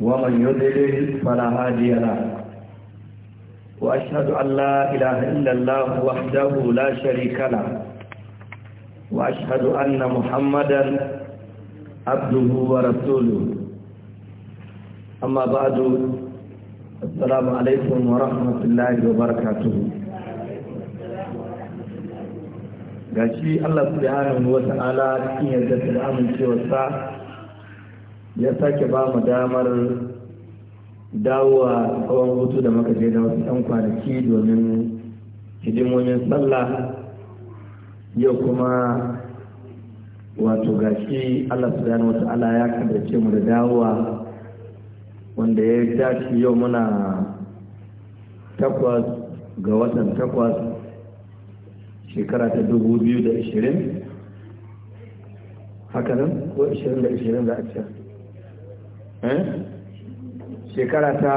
ومن يضلل فلا هادي له وأشهد أن لا إله إلا الله وحده لا شريك له وأشهد أن محمدا عبده ورسوله أما بعد السلام عليكم ورحمة الله وبركاته gashi Allah subhanahu wa ta'ala cikin yadda da amincewarsa ya sake ba mu damar dawowa tsawon hutu da muka je da wasu ɗan kwanaki domin hidimomin sallah yau kuma wato gashi Allah su subhanahu wata ala ya kaddace mu da dawowa wanda ya dace yau muna takwas ga watan takwas shekara ta dubu biyu da ashirin haka nan ko ashirin da ashirin za a ciyar Eh? shekara ta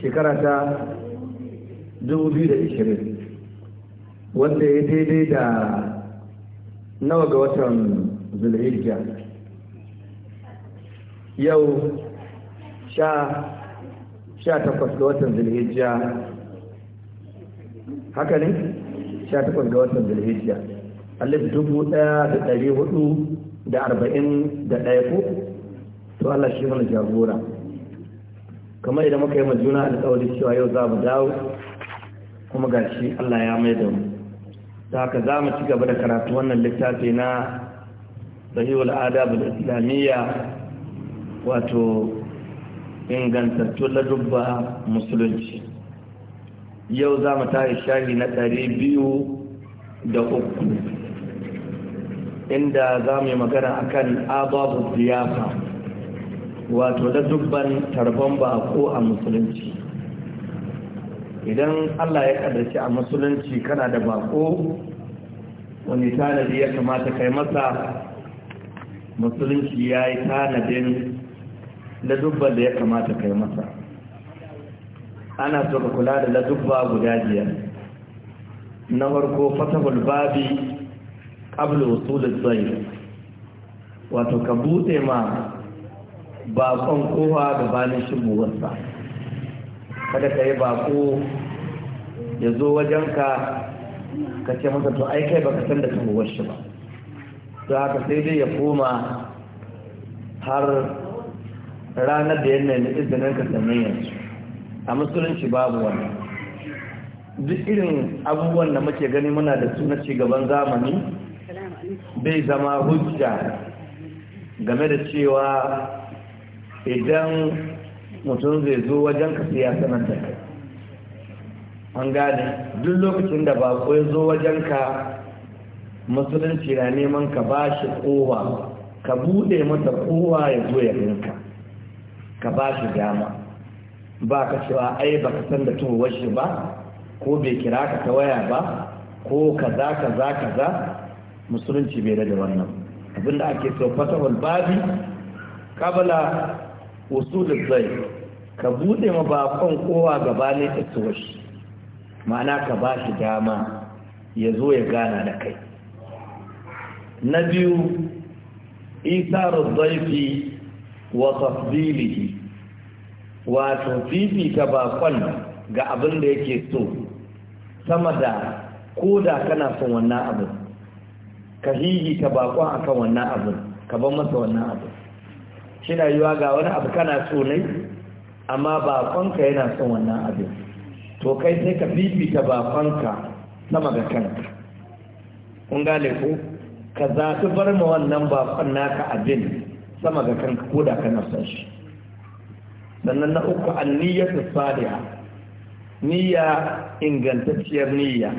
shekara ta 2020 wanda ya daidai da nawa ga watan zulhijja yau sha sha takwas ga watan zulhijja haka ne sha takwas ga watan zulhijja alif dubu ɗaya da ɗari hudu da arba'in da ɗaya ko to Allah shi mana jagora kamar idan muka yi ma juna alƙawari cewa yau za mu dawo kuma ga shi Allah ya mai da mu ta haka za mu ci gaba da karatu wannan littafi na sahihul adab al-islamiyya wato ingantattun ladubba musulunci yau za mu tashi shahi na ɗari biyu da uku inda za mu yi magana akan ababu ziyafa wato da dubban tarban ba a musulunci idan allah ya kaddace a musulunci kana da bako wani tanadi ya kamata kai masa musulunci ya yi tanadin ladubban da ya kamata kai masa ana so ka kula da ladubba guda biyar na farko fatahul babi qabla wasu da wato ka bude ma baƙon kowa gabanin shigowarsa kada ka yi bako ya zo wajenka ka ce masa to ai kai baka san da shigowar shi ba to haka sai dai ya koma har ranar da yanayin izinin ka sannan yanzu a musulunci babu wani duk irin abubuwan da muke gani muna da suna na gaban zamani bai zama hujja game da cewa idan mutum zai zo wajen ka sai ya sanar da kai an gane duk lokacin da bako ya zo wajen ka musulunci na neman ka ba shi kowa ka buɗe masa kowa ya zo ya rinka ka ba shi dama ba ka cewa ai ba ka san da tuhowar shi ba ko bai kira ka ta waya ba ko kaza kaza kaza musulunci bai da wannan abinda ake so fatahul babi kabala usulul zai ka bude ma bakon kowa gaba ne ta tsoshi ma'ana ka ba shi dama ya zo ya gana da kai na biyu isarar zaifi wa tafdilihi wato fifita bakon ga abin da yake so sama da ko da kana son wannan abin ka hihita bakon akan wannan abin ka ban masa wannan abin shina yiwa ga wani abu kana so ne amma bakonka yana son wannan abin to kai sai ka fifita bakonka sama ga kanka kun gane ku ka zafi bar ma wannan bakon naka abin sama ga kanka ko da kana son shi sannan na uku su sadiya niyya ingantacciyar niyya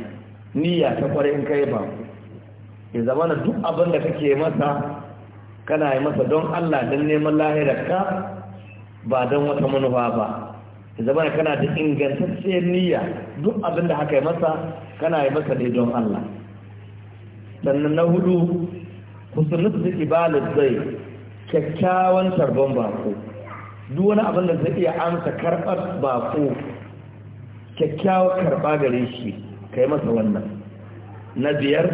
niyya ta kwarai in kai ba ya zama na duk abin da kake masa kana yi masa don Allah don neman lahirarka ba don wata manufa ba zama kana da ingantacciyar niyya duk abin da haka yi masa kana yi masa ne don Allah sannan na hudu husnul ibalat zai kyakkyawan tarban bako duk wani abin da zai iya amsa karɓar bako kyakkyawar karɓa gare shi kai masa wannan na biyar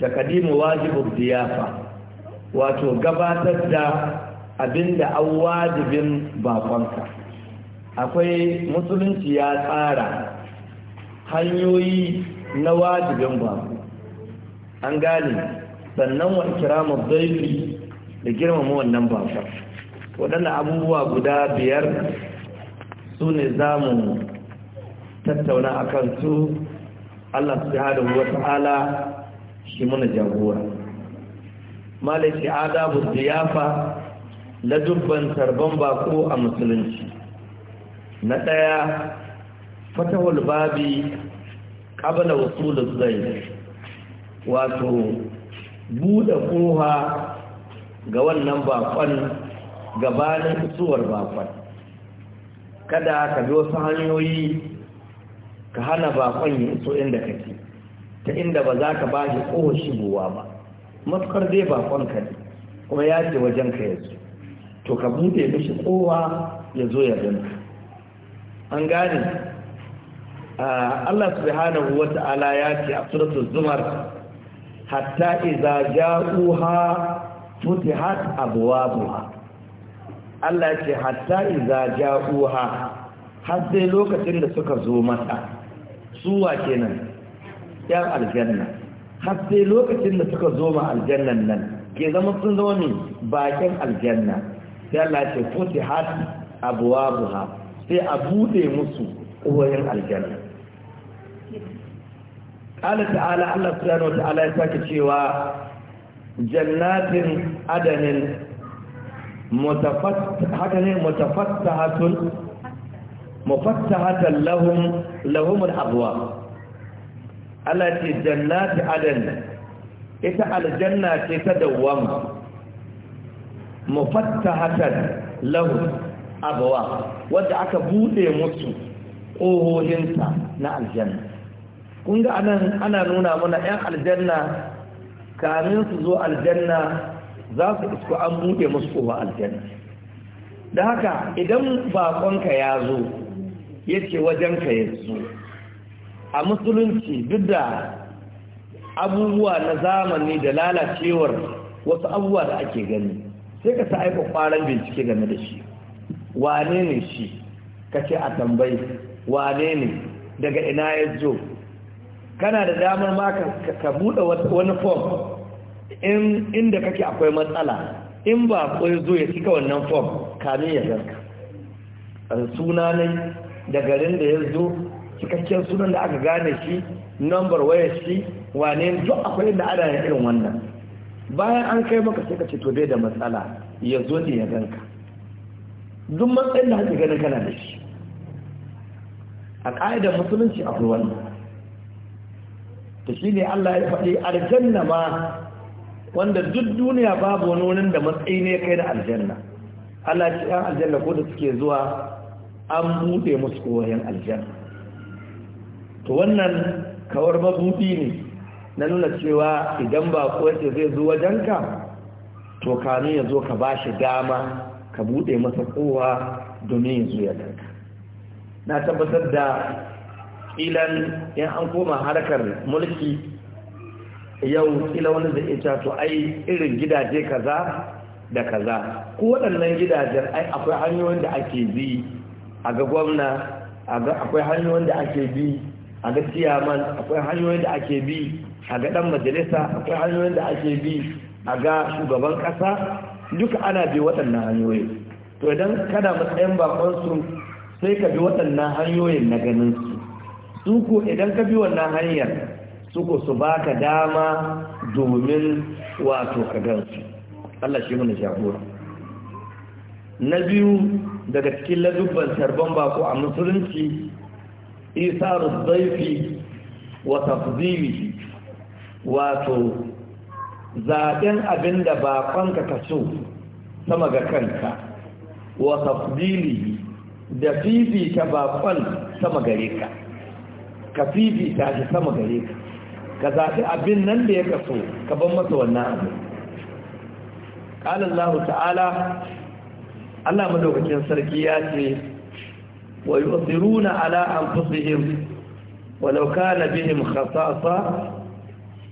takadimu wajibu diyafa wato gabatar da abinda an wajibin bakonka akwai musulunci ya tsara hanyoyi na wajibin bako an gane sannan wa kirama zaifi da girmama wannan bako waɗanda abubuwa guda biyar su ne za mu tattauna a kansu allah su hada wata ala shi muna jagora Maliki adabu ziyafa dubban tarban bako a musulunci na ɗaya fatahul babi ƙabala wasulun zai wato buɗe ƙoha ga wannan bakon gabanin isuwar bakon kada ka bi wasu hanyoyi ka hana bakon yin iso inda kake ta inda ba za ka ba shi ƙoho shigowa ba matukar dai bakon ka ne kuma ya ce wajen ka yanzu to ka bude mishi kowa ya zo ya gani an gane Allah subhanahu wa ta'ala ya ce a suratul zumar hatta iza ja'uha futihat abwabuha Allah ya ce hatta iza ja'uha har sai lokacin da suka zo mata suwa kenan yan aljanna har sai lokacin da suka zo ma aljannan nan ke zama sun zo ne bakin aljanna sai Allah ce fusi hati abuwa sai a bude musu ƙoyin aljanna ƙala ta'ala Allah subhanahu ta'ala ya sake cewa jannatin adanin haka ne mutafattahatun mufattahatan lahum lahumul abuwa. alati jannati adan ita aljanna ce ta dawwama mufattahatan lahu abwa wanda aka bude musu kohohinta na aljanna kun ga anan ana nuna mana yan aljanna kamin su zo aljanna za su isko an bude musu kowa aljanna da haka idan bakonka ya zo yace wajenka ya zo a musulunci duk da abubuwa na zamani da lalacewar wasu abubuwa da ake gani sai ka sa aika kwaran bincike game da shi wane ne shi ka ce a tambayi wane ne daga ina ya zo kana da damar ma ka buɗe wani fom inda kake akwai matsala in ba kwai zo ya cika wannan fom kamin ya zarka suna ne da garin da ya zo cikakken sunan da aka gane shi number waya shi wane duk akwai inda ana irin wannan bayan an kai maka sai ka ce to bai da matsala ya zo ne ya ganka duk matsayin da haka ganin kana da shi a ƙa'ida musulunci akwai wannan ta shi ne Allah ya faɗi aljanna ma wanda duk duniya babu wani wani da matsayi ne kai da aljanna Allah ya ce ‘yan aljanna ko da suke zuwa an buɗe musu koyon aljanna to wannan kawar mabuɗi ne na nuna cewa idan ba kowace zai zo wajenka to kanu ya zo ka ba shi dama ka bude masa kowa domin ya zo ya tarka. na tabbatar da ilan yan an koma harkar mulki yau ila wani da ita to ai irin gidaje kaza da kaza ko waɗannan gidajen ai akwai hanyoyin da ake bi a ga gwamna akwai hanyoyin da ake bi a ga ciyaman akwai hanyoyin da ake bi a ga dan majalisa akwai hanyoyin da ake bi a ga shugaban kasa duka ana bi waɗannan hanyoyin to idan kana matsayin bakonsu sai ka bi waɗannan hanyoyin na ganin su su ko idan ka bi wannan hanyar su ko su baka dama domin wato ka gansu Allah shi mana jagora na biyu daga cikin ladubban tarban bako a musulunci isar zaifi wa tafzili wato zaɓen abin da baƙonka ka so sama ga kanka wa tafzili da fifita baƙon sama gare ka ka fifita shi sama gare ka ka zaɓi abin nan da ya kaso ka ban masa wannan abin ƙalallahu ta'ala Allah madaukakin sarki ya ce ويؤثرون على أنفسهم ولو كان بهم خصاصة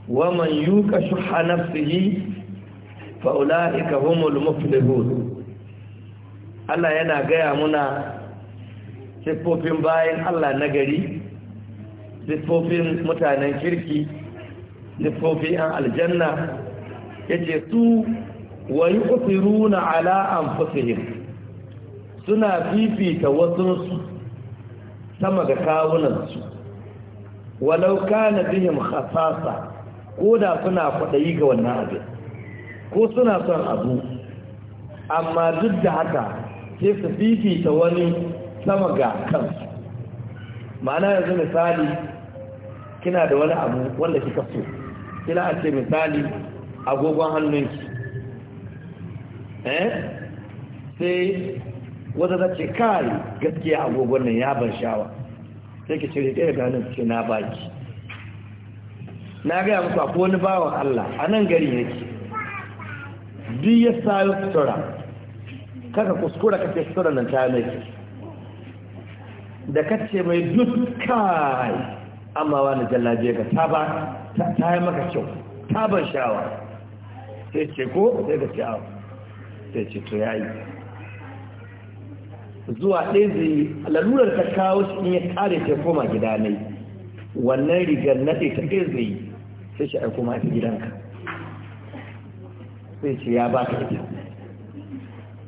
ومن يوق شح نفسه فأولئك هم المفلحون Allah yana gaya muna siffofin bayan Allah na gari siffofin mutanen kirki siffofin ‘yan aljanna ya ce su wani kusuru na ala'an suna fifita wasunsu sama ga kawunansu walau na bihim khasasa ko da suna kwaɗayi ga wannan abin ko suna son abu amma duk da haka sai su fifita wani sama ga kansu ma'ana yanzu misali kina da wani abu wanda kika so kina a ce misali agogon hannunki eh sai wata za ce kari gaskiya agogon nan ya ban shawa sai ke cire ɗaya ga nan ce na baki na gaya muku akwai wani bawan Allah a nan gari yake duk ya sayo sutura kaka kuskura ka ce sutura nan ta mai da kace mai duk kai amma wani jallaje ka ta ta yi maka kyau ta ban shawa sai ce ko sai ka ce awa sai ce to ya yi. zuwa ɗaya zai lalurar ta kawo shi in ya kare ta koma gida ne wannan rigar naɗe ta ɗaya zai sai shi aiko ma ta gidanka sai ce ya baka ita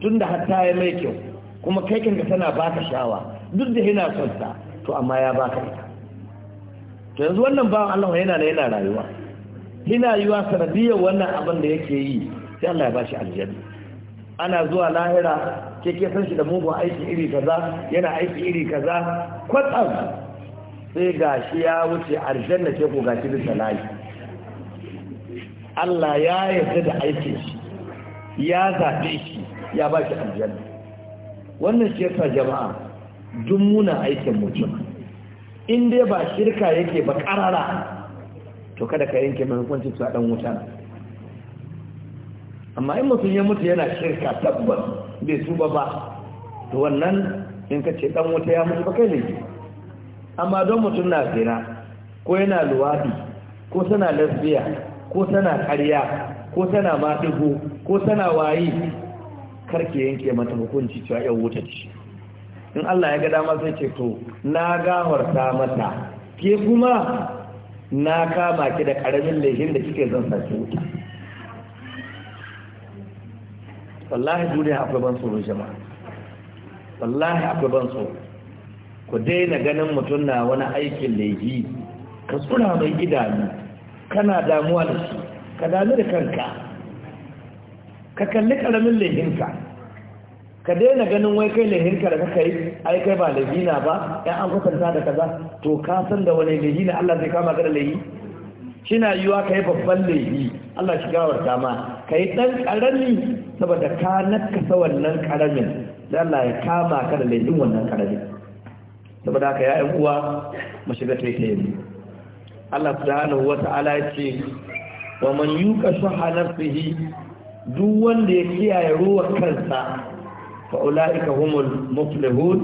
tun da hatta ya mai kyau kuma kai kanka tana baka shawa duk da yana son ta to amma ya baka ita to yanzu wannan bawan Allah yana na yana rayuwa yana yiwa sanadiyar wannan abin da yake yi sai Allah ya bashi aljanna ana zuwa lahira ke ke san shi da mugun aiki iri kaza yana aiki iri kaza kwatsam sai gashi ya wuce aljanna ke ko gashi Allah ya yarda da aiki shi ya zaɓe shi ya ba shi aljanna wannan shi yasa jama'a duk muna aikin mutum in dai ba shirka yake ba ƙarara to kada ka yanke mai hukunci su a ɗan wuta amma in mutum ya mutu yana shirka tabbas bai tuba ba to wannan in ka ce dan wuta ya mutu kai ne amma don mutum na tsira ko yana luwadi ko tana lesbiya ko tana karya ko tana maɗigo ko tana wayi karke yanke mata hukunci cewa yan wuta ce in Allah ya ga dama sai ce to na gahorta mata ke kuma na kama ki da ƙaramin laifin da kike zan sake wuta wallahi duniya akwai ban tsoro jama'a wallahi akwai ban tsoro ku daina ganin mutum na wani aikin laifi ka tsura mai idanu kana damuwa da shi ka damu da kanka ka kalli karamin laifinka ka daina ganin wai kai laifinka da kaka yi ai kai ba na ba ya an kwatanta da kaza to ka san da wani na Allah zai kama ka da laifi shina yiwa kai babban laifi Allah shi gawarta ma ka yi ɗan ƙarami saboda ka nakasa wannan ƙaramin da Allah ya kama ka da laifin wannan ƙaramin saboda haka ya uwa mu shiga taitaye mu Allah subhanahu wa ta'ala ce wa man yuka shuha nafsihi duk wanda ya kiyaye ruwa kansa fa ulaika humul muflihun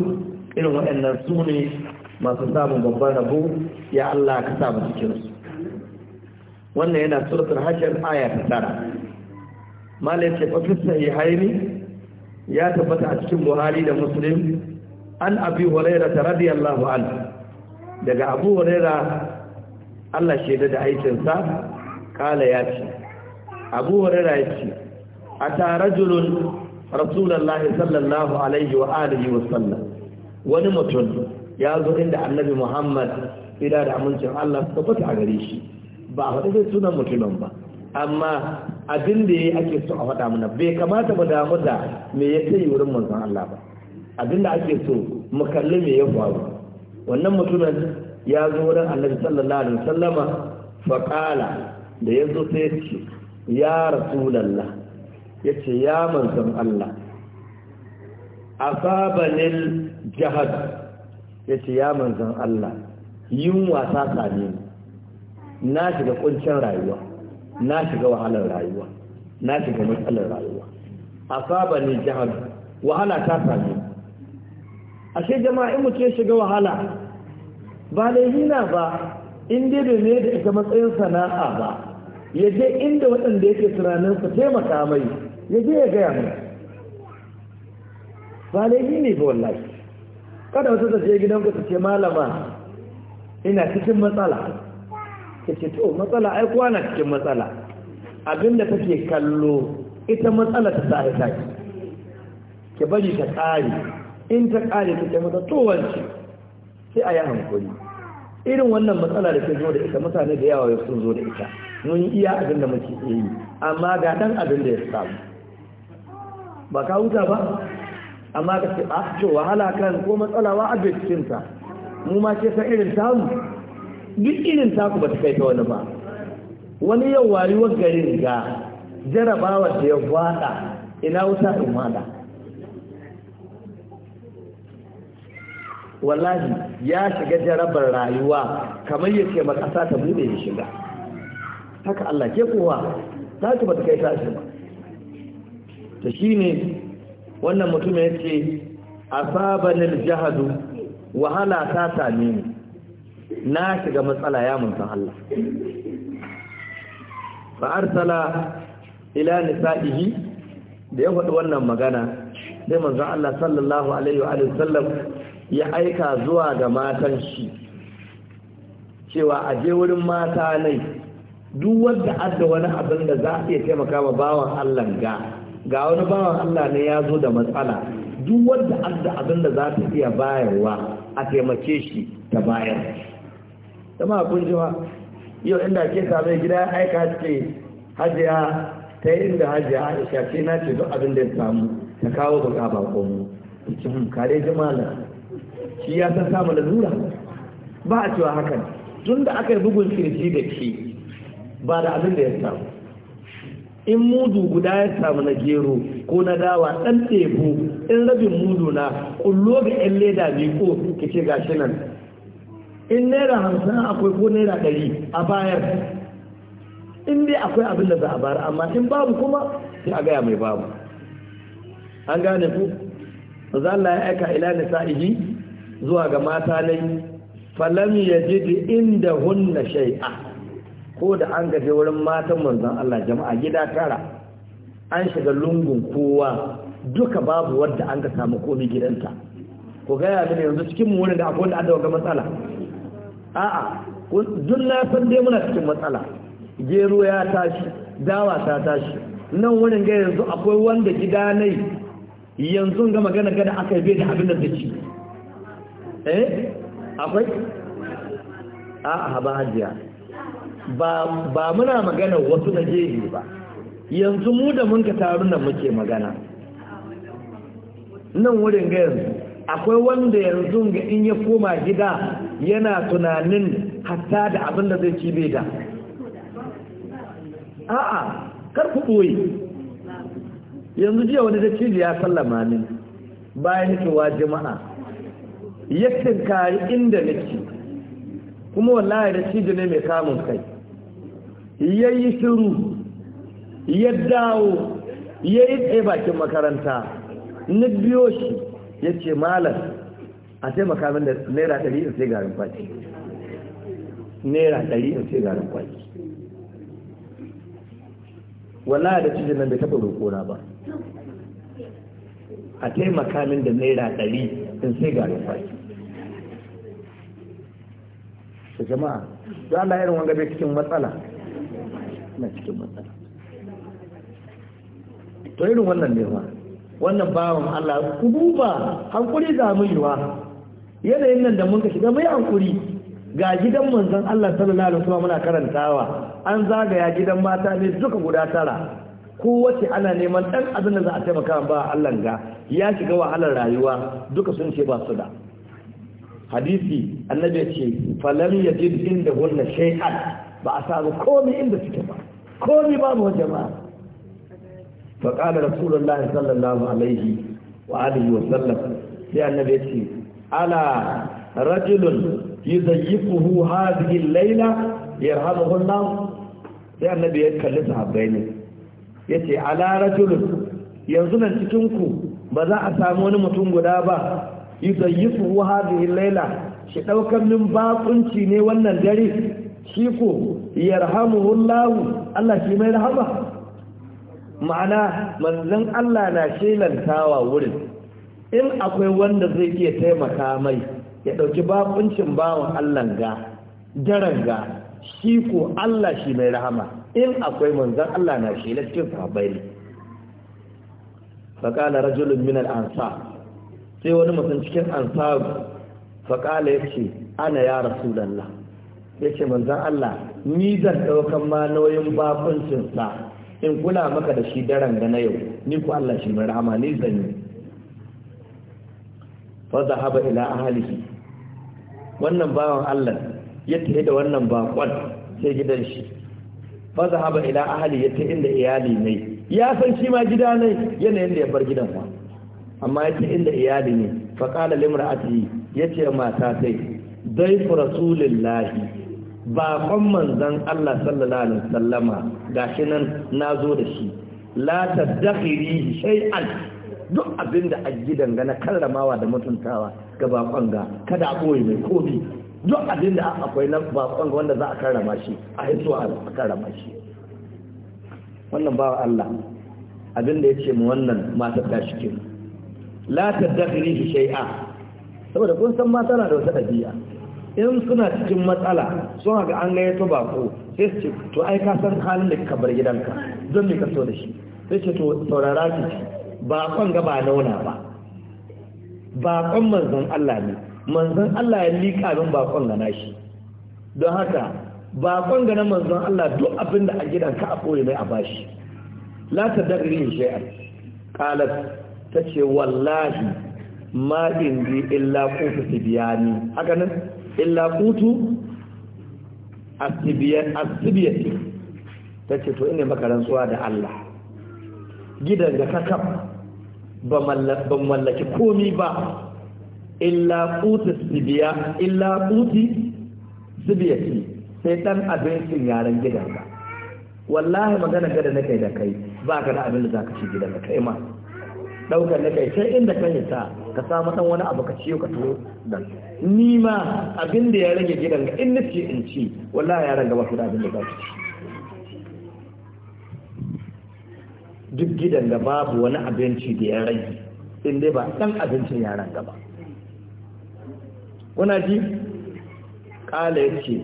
irin waɗannan su ne masu samun babban rabo ya Allah ka sa mu cikin su wannan yana suratul hashir aya ta tara malai ce yi haini ya tabbata a cikin buhari da muslim an abi huraira ta radiyallahu an daga abu huraira allah shaida da aikinsa kala ya ce abu huraira ya ce a tarajulun rasulallahi sallallahu alaihi wa alihi wa sallam wani mutum ya zo inda annabi muhammad ila da amincin allah su kwata a gare shi ba a faɗi sunan mutumin ba amma abin da ya ake so a faɗa mana bai kamata mu damu da me ya sai wurin manzon Allah ba abin da ake so mu kalli me ya faru wannan mutumin ya zo wurin Annabi sallallahu alaihi wasallama fa qala da yazo sai ya ce ya rasulullah yace ya manzon Allah asabanil jahad yace ya manzon Allah yunwa ta same na shiga kuncin rayuwa na shiga wahalar rayuwa na shiga matsalar rayuwa asaba ne jihar wahala ta a ashe jama'a in mutu ya shiga wahala ba na ba in dai bai ne da ita matsayin sana'a ba ya je inda waɗanda yake tunanin su taimaka mai ya je ya gaya mai ba laifi ne ba wallahi kada wata zafi je gidan ku ce malama ina cikin matsala ta ce to matsala ai kowa na cikin matsala abinda take kallo ita matsala ta sai ta ki ki bari ta kare in ta kare ta ce mata to wance sai a yi hankali. irin wannan matsala da ke zo da ita mutane da yawa sun zo da ita mun iya abin da muke yi amma ga dan abin da ya samu ba ka huta ba amma ka ce a ah, to wahala kan ko matsala wa abin cikinta mu ma ke san irin tamu duk irin taku ba ta kai ta wani ba wani yau wayuwar garin ga jarabawar da ya fada ina wuta in mada wallahi ya shiga jarabar rayuwa kamar ya ce makasa ta bude ya shiga haka Allah ke kowa ta ba ta kai ta shi ba ta shi ne wannan mutumin ya ce asabanil jahadu wahala ta same ni na shiga matsala ya san Allah fa arsala ila nisa'ihi da ya faɗi wannan magana sai manzo Allah sallallahu alaihi wa sallam ya aika zuwa ga matan shi cewa a je wurin mata nai duk wanda adda wani abin da za a iya taimaka ma bawan Allah ga ga wani bawan Allah ne ya zo da matsala duk wanda adda abin da za ta iya bayarwa a taimake shi ta bayar zama kun jima yau inda ke same gida aika ce hajiya ta yi inda hajiya aisha ce na ce duk abin da ya samu ta kawo baka bako mu cikin hmm, kare jimala shi ya san samu zura? ba a cewa hakan tun da aka yi bugun kirji da ke ba da abin da ya samu in mudu guda ya samu na gero ko na dawa ɗan tebo in rabin mudu na kullo ga 'yan leda biyu ko kice gashi nan in naira hamsin akwai ko naira ɗari a bayar in dai akwai abin da za a bayar amma in babu kuma sai a gaya mai babu an gane ku za Allah ya aika ila nisa'ihi zuwa ga mata ne falam yajid inda hunna shay'a ko da an gaje wurin matan manzon Allah jama'a gida tara an shiga lungun kowa duka babu wanda an ga samu komi gidanta ko gaya ne yanzu cikin mu da akwai wanda an daga matsala a'a duk na san dai muna cikin matsala gero ya tashi dawa ta tashi nan wurin ga yanzu akwai wanda gida nai yanzu ga magana gada aka yi da abin da ci eh akwai a'a ba hajiya ba muna magana wasu na jeji ba yanzu mu da mun ka taru nan muke magana nan wurin ga yanzu akwai wanda yanzu ga in ya koma gida yana tunanin hatta da abin da zai ci bai da a'a kar ku ɓoye yanzu jiya wani da cibi ya sallama min bayan cewa jama'a ya tinkari inda nake kuma wallahi da cibi ne mai kamun kai ya yi shiru ya dawo ya yi tsaye bakin makaranta na biyo shi ya ce malam a taimaka min da naira ɗari in sai garin kwaki naira ɗari in sai garin kwaki wallahi da cikin nan bai taɓa roƙona ba a taimaka min da naira ɗari in sai garin kwaki su jama'a za a irin wanga bai cikin matsala na cikin matsala to irin wannan nema. wannan bawan Allah ku duba hankuri za mu yiwa yanayin nan da mun ka shiga mai hankuri ga gidan manzon Allah sallallahu alaihi wasallam muna karantawa an zagaya gidan mata ne duka guda tara Ko kowace ana neman dan abin da za a taimaka ba Allah ga ya shiga wahalar rayuwa duka sun ce ba su da hadisi annabi ce falam yajid inda hunna shay'an ba a samu komai inda suke ba komai babu jama'a فقال رسول الله صلى الله عليه وآله وسلم في النبي يقول على رجل يزيقه هذه الليلة يرهبه النار في النبي يقول لسه بينه yace ala rajulun yanzu nan cikin ku ba za a samu wani mutum guda ba yusayyifu hadhihi laila shi daukar min bakunci ne wannan dare shi ko yarhamuhullahu Allah shi mai rahama ma'ana manzon Allah na shelantawa wurin in akwai wanda zai iya taimaka mai ya ɗauki bakuncin bawan Allah ga daren ga shi ko Allah shi mai rahama in akwai manzon Allah na shelantin sahabbai ne rajulun min ansa sai wani mutum cikin ansa faƙala ya ce ana ya rasu ya ce manzan Allah ni zan ɗaukan ma nauyin bakuncinsa in kula maka da shi daren da na yau ni ku Allah shi mai rahama ni zanyi fa zahaba ila ahlihi wannan bawan Allah ya tafi da wannan bakon sai gidan shi fa zahaba ila ahli ya tafi inda iyali ne ya san shi ma gida ne yanayin da ya bar gidan fa amma ya tafi inda iyali ne fa qala limra'ati yace mata sai dai rasulullahi kon manzan Allah sallallahu alaihi wasallama gashi nan nazo da shi la tadakhiri shay'an duk abinda a gidan gana karramawa da mutuntawa ga bakon ga kada a koyi mai komi duk abinda akwai na bakon ga wanda za a karrama shi a hito a karrama shi wannan bawa Allah abinda yace mu wannan matar ta shi la tadakhiri shay'a saboda kun san mata na da wata dabi'a in suna cikin matsala sun ga an gaya to bako sai su ce to ai ka san halin da ka bar gidanka don me ka so da shi sai ce to saurara ki bakon ga ba nauna ba bakon manzon Allah ne manzon Allah ya liƙa min bakon ga nashi don haka bakon ga na manzon Allah duk abin da a gidanka a kore mai a bashi la ta dagri kalas qalat tace wallahi ma indi illa qutu tibyani haka nan illa kutu asibiyati ta ce to ina maka rantsuwa da Allah gidan da ka ban mallaki komi ba illa kutu sibiya illa kutu sibiyati sai dan abincin yaren gidan ba wallahi magana gada na kai da kai ba ka da abin da za ka ci gidan da kai ma daukar na kai sai inda ka ta ka samu dan wani abu ka ciyo ka tuwo dan ni ma abin da ya rage gidan ga in nace in ci wallahi yaran gaba su da abin da za su ci duk gidan da babu wani abinci da ya rage in dai ba dan abincin yaran gaba kuna ji kala yace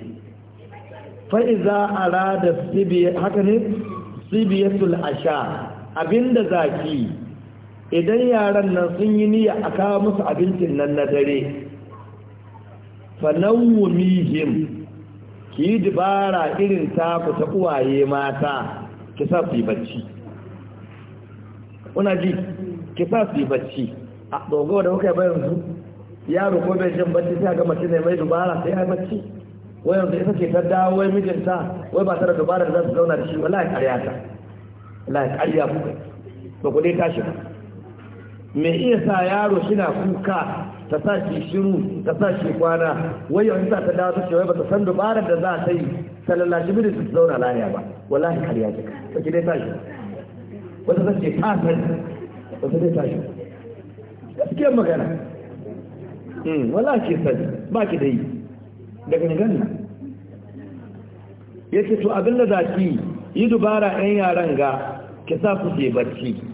fa iza arada sibi haka ne sibiyatul asha abinda zaki idan yaran nan sun yi niyya a kawo musu abincin nan na dare fanawumihim ki yi dibara irin taku ta uwaye mata ki sa su yi bacci kuna ji ki sa su yi bacci a dogo da kuka yi bayan su yaro ko bai jin bacci sai ga mace ne mai dubara sai ya bacci wai yanzu ita ke ta dawo wai mijinta wai ba ta da dubara da za su zauna da shi wallahi ƙarya ta wallahi ƙarya ku ba ku dai tashi ba me iya sa yaro shina kuka ta sa shi shiru ta sa shi kwana wai yanzu ta dawo ta ce wai bata san dubarar da za ta yi ta lallashi mini su zauna lafiya ba wallahi ya jika ta ki dai tashi wata ta ce ta san wata dai tashi gaskiyar magana hmm, wallahi ke san ba ki dai daga nan, ganna yace to abin da zaki yi dubara ɗan yaran ga ki sa su ke barci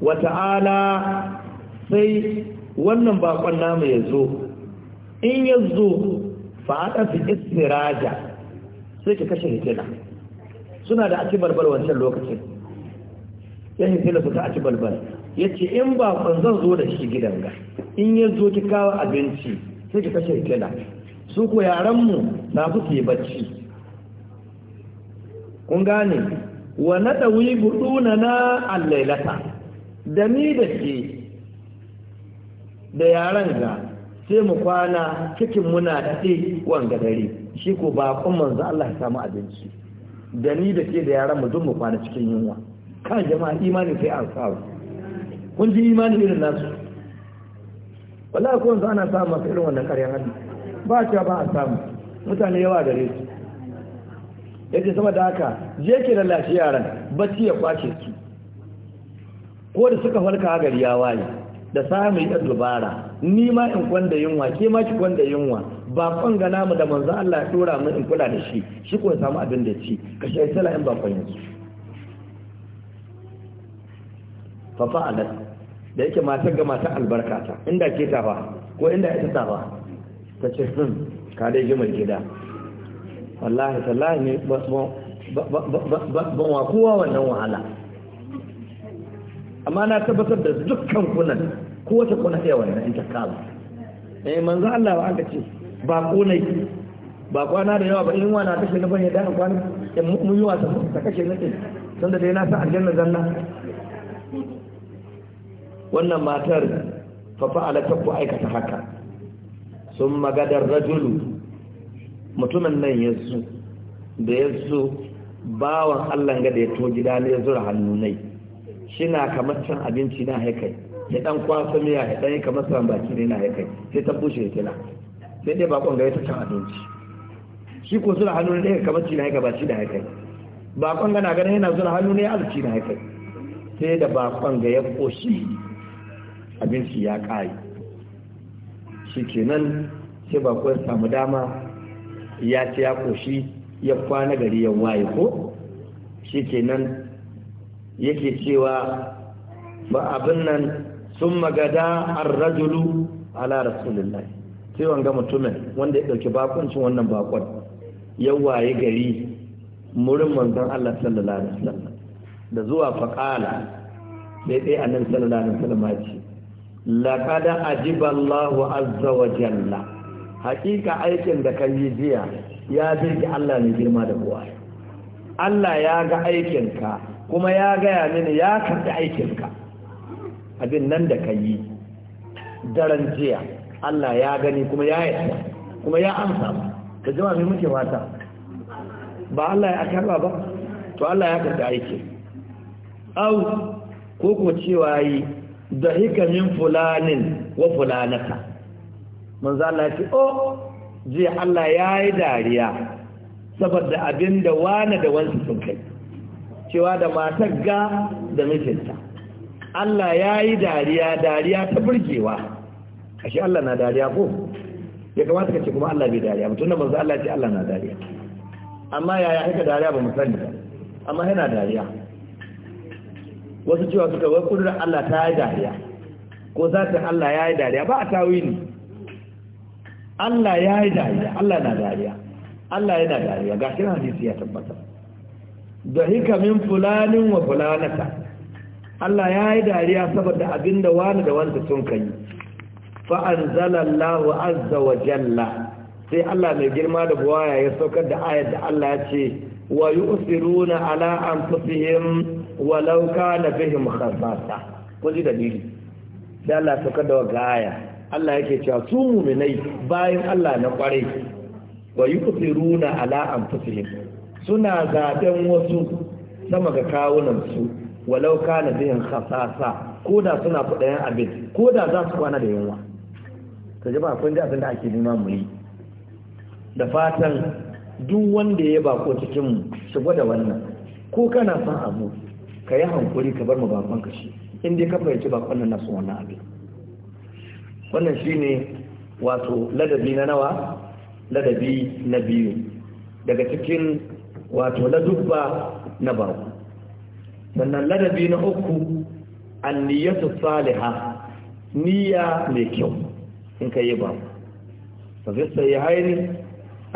wa ta'ala sai wannan bakon namu ya zo in ya zo fa'ada fi istiraja sai ka kashe hitina suna da aci balbal wancan lokacin ya hitina su ta aci balbal ya ce in bakon zan zo da shi gidan ga in ya zo ki kawo abinci sai ki kashe hitina su ko yaranmu na su ke bacci kun gane wa na ɗawi buɗu ɗuna na allailata da ni da ke da yaran ga sai mu kwana cikin muna daɗe wanga dare shi ko ba kun manzo Allah ya samu abinci da ni da ke da yaran mu duk mu kwana cikin yunwa kan jama'a imani sai an samu kun ji imani irin nasu wallahi ko yanzu ana samu masu irin wannan ƙaryan hannu, ba cewa ba a samu mutane yawa gare su yake sama da haka je ke da lashi yaran bacci ya kwace su ko da suka farka gari ya waye da samun yan dubara ni ma in kwanda yunwa ke ma ki kwanda yunwa ba kwanga namu da manzo Allah ya tura mu in kula da shi shi ko samu abin da ci ka shi sala in ba kwanya fa fa'alat da yake matar ga matar albarka ta inda ke ta ko inda ita ta ta ce sun ka dai ji mai gida wallahi tallahi ne ba ba ba ba ba ba ba ba ba ba ba ba amma na tabbatar da dukkan kunan ko wata kuna iya wannan in ta kawo eh manzo Allah ba aka ce ba kunai ba kwana da yawa ba in wani kashe na bane da kwana in mu yi wasa ta kashe na din tunda dai na sa aljanna zanna wannan matar fa fa'ala ta ku aikata haka sun magadar rajulu mutumin nan zo, da zo, bawan Allah ga da ya to gida ne ya zura hannunai Kina kamar cin abinci na haikai ya dan kwasa miya ya dan kamar san baki ne na haikai sai ta bushe ya kila sai dai bakon ga ta cin abinci shi ko suna hannu ne kamar ci haikai ba ci da haikai bakon ga na ganin yana suna hannu ne alci na haikai sai da bakon ga ya koshi abinci ya kai shikenan sai bakon ya samu dama ya ci ya koshi ya kwana gari ya waye ko shikenan yake cewa ba abin nan sun magada arrajulu ala rasulullah sai wanga mutumin wanda ya dauki bakoncin wannan bakon ya waye gari murin manzon Allah sallallahu alaihi wasallam da zuwa faqala sai dai annabi sallallahu alaihi wasallam ya ce laqad ajiba Allahu azza wa jalla hakika aikin da kan yi jiya ya birki Allah ne girma da kowa Allah ya ga aikin ka kuma ya gaya mini ya karɓi aikinka abin nan da ka yi daren jiya Allah ya gani kuma ya yi kuma ya amsa ba ka jima mai muke wata ba Allah ya karɓa ba to Allah ya karɓi aikin au ko ko cewa yi da hikamin fulanin wa fulanata za Allah ya ce oh jiya Allah ya yi dariya saboda abin da wane da wansu sun kai cewa da matar ga da mijinta Allah ya yi dariya dariya ta burgewa ashe Allah na dariya ko ya kamata ka ce kuma Allah bai dariya mutum da manzo Allah ce Allah na dariya amma yaya haka dariya ba mu sani amma yana dariya wasu cewa suka wai kudurar Allah ta yi dariya ko ta Allah ya yi dariya ba a tawili Allah ya yi dariya Allah na dariya Allah yana dariya ga shi hadisi ya tabbatar? da hikamin fulanin wa fulanata Allah ya yi dariya saboda abin da wani da wanda sun kai fa'anzalallahu azza wa jalla sai Allah mai girma da buwaya ya saukar da ayat da Allah ya ce wa yi usiruna ala an fusihim walau kana fihim khasasa kun ji biri sai Allah ya saukar da waga gaya Allah yake cewa su muminai bayan Allah na kwarai wa yi usiruna ala an fusihim suna zaben wasu sama ga kawunansu walau kana bihin hasasa ko da suna kudayen abin ko da za su kwana da yunwa ta ji ba kun ji abin da ake nema mu yi da fatan duk wanda ya bako cikin mu shi gwada wannan ko kana son abu ka yi hankuri ka bar mu bakon kashi in dai ka fahimci bakon nan nasu wannan abin wannan shine wato ladabi na nawa ladabi na biyu daga cikin wato ladubba na barko sannan ladabi na uku anniyatu saliha niyya mai kyau in ka yi barko fa fi sayyihaini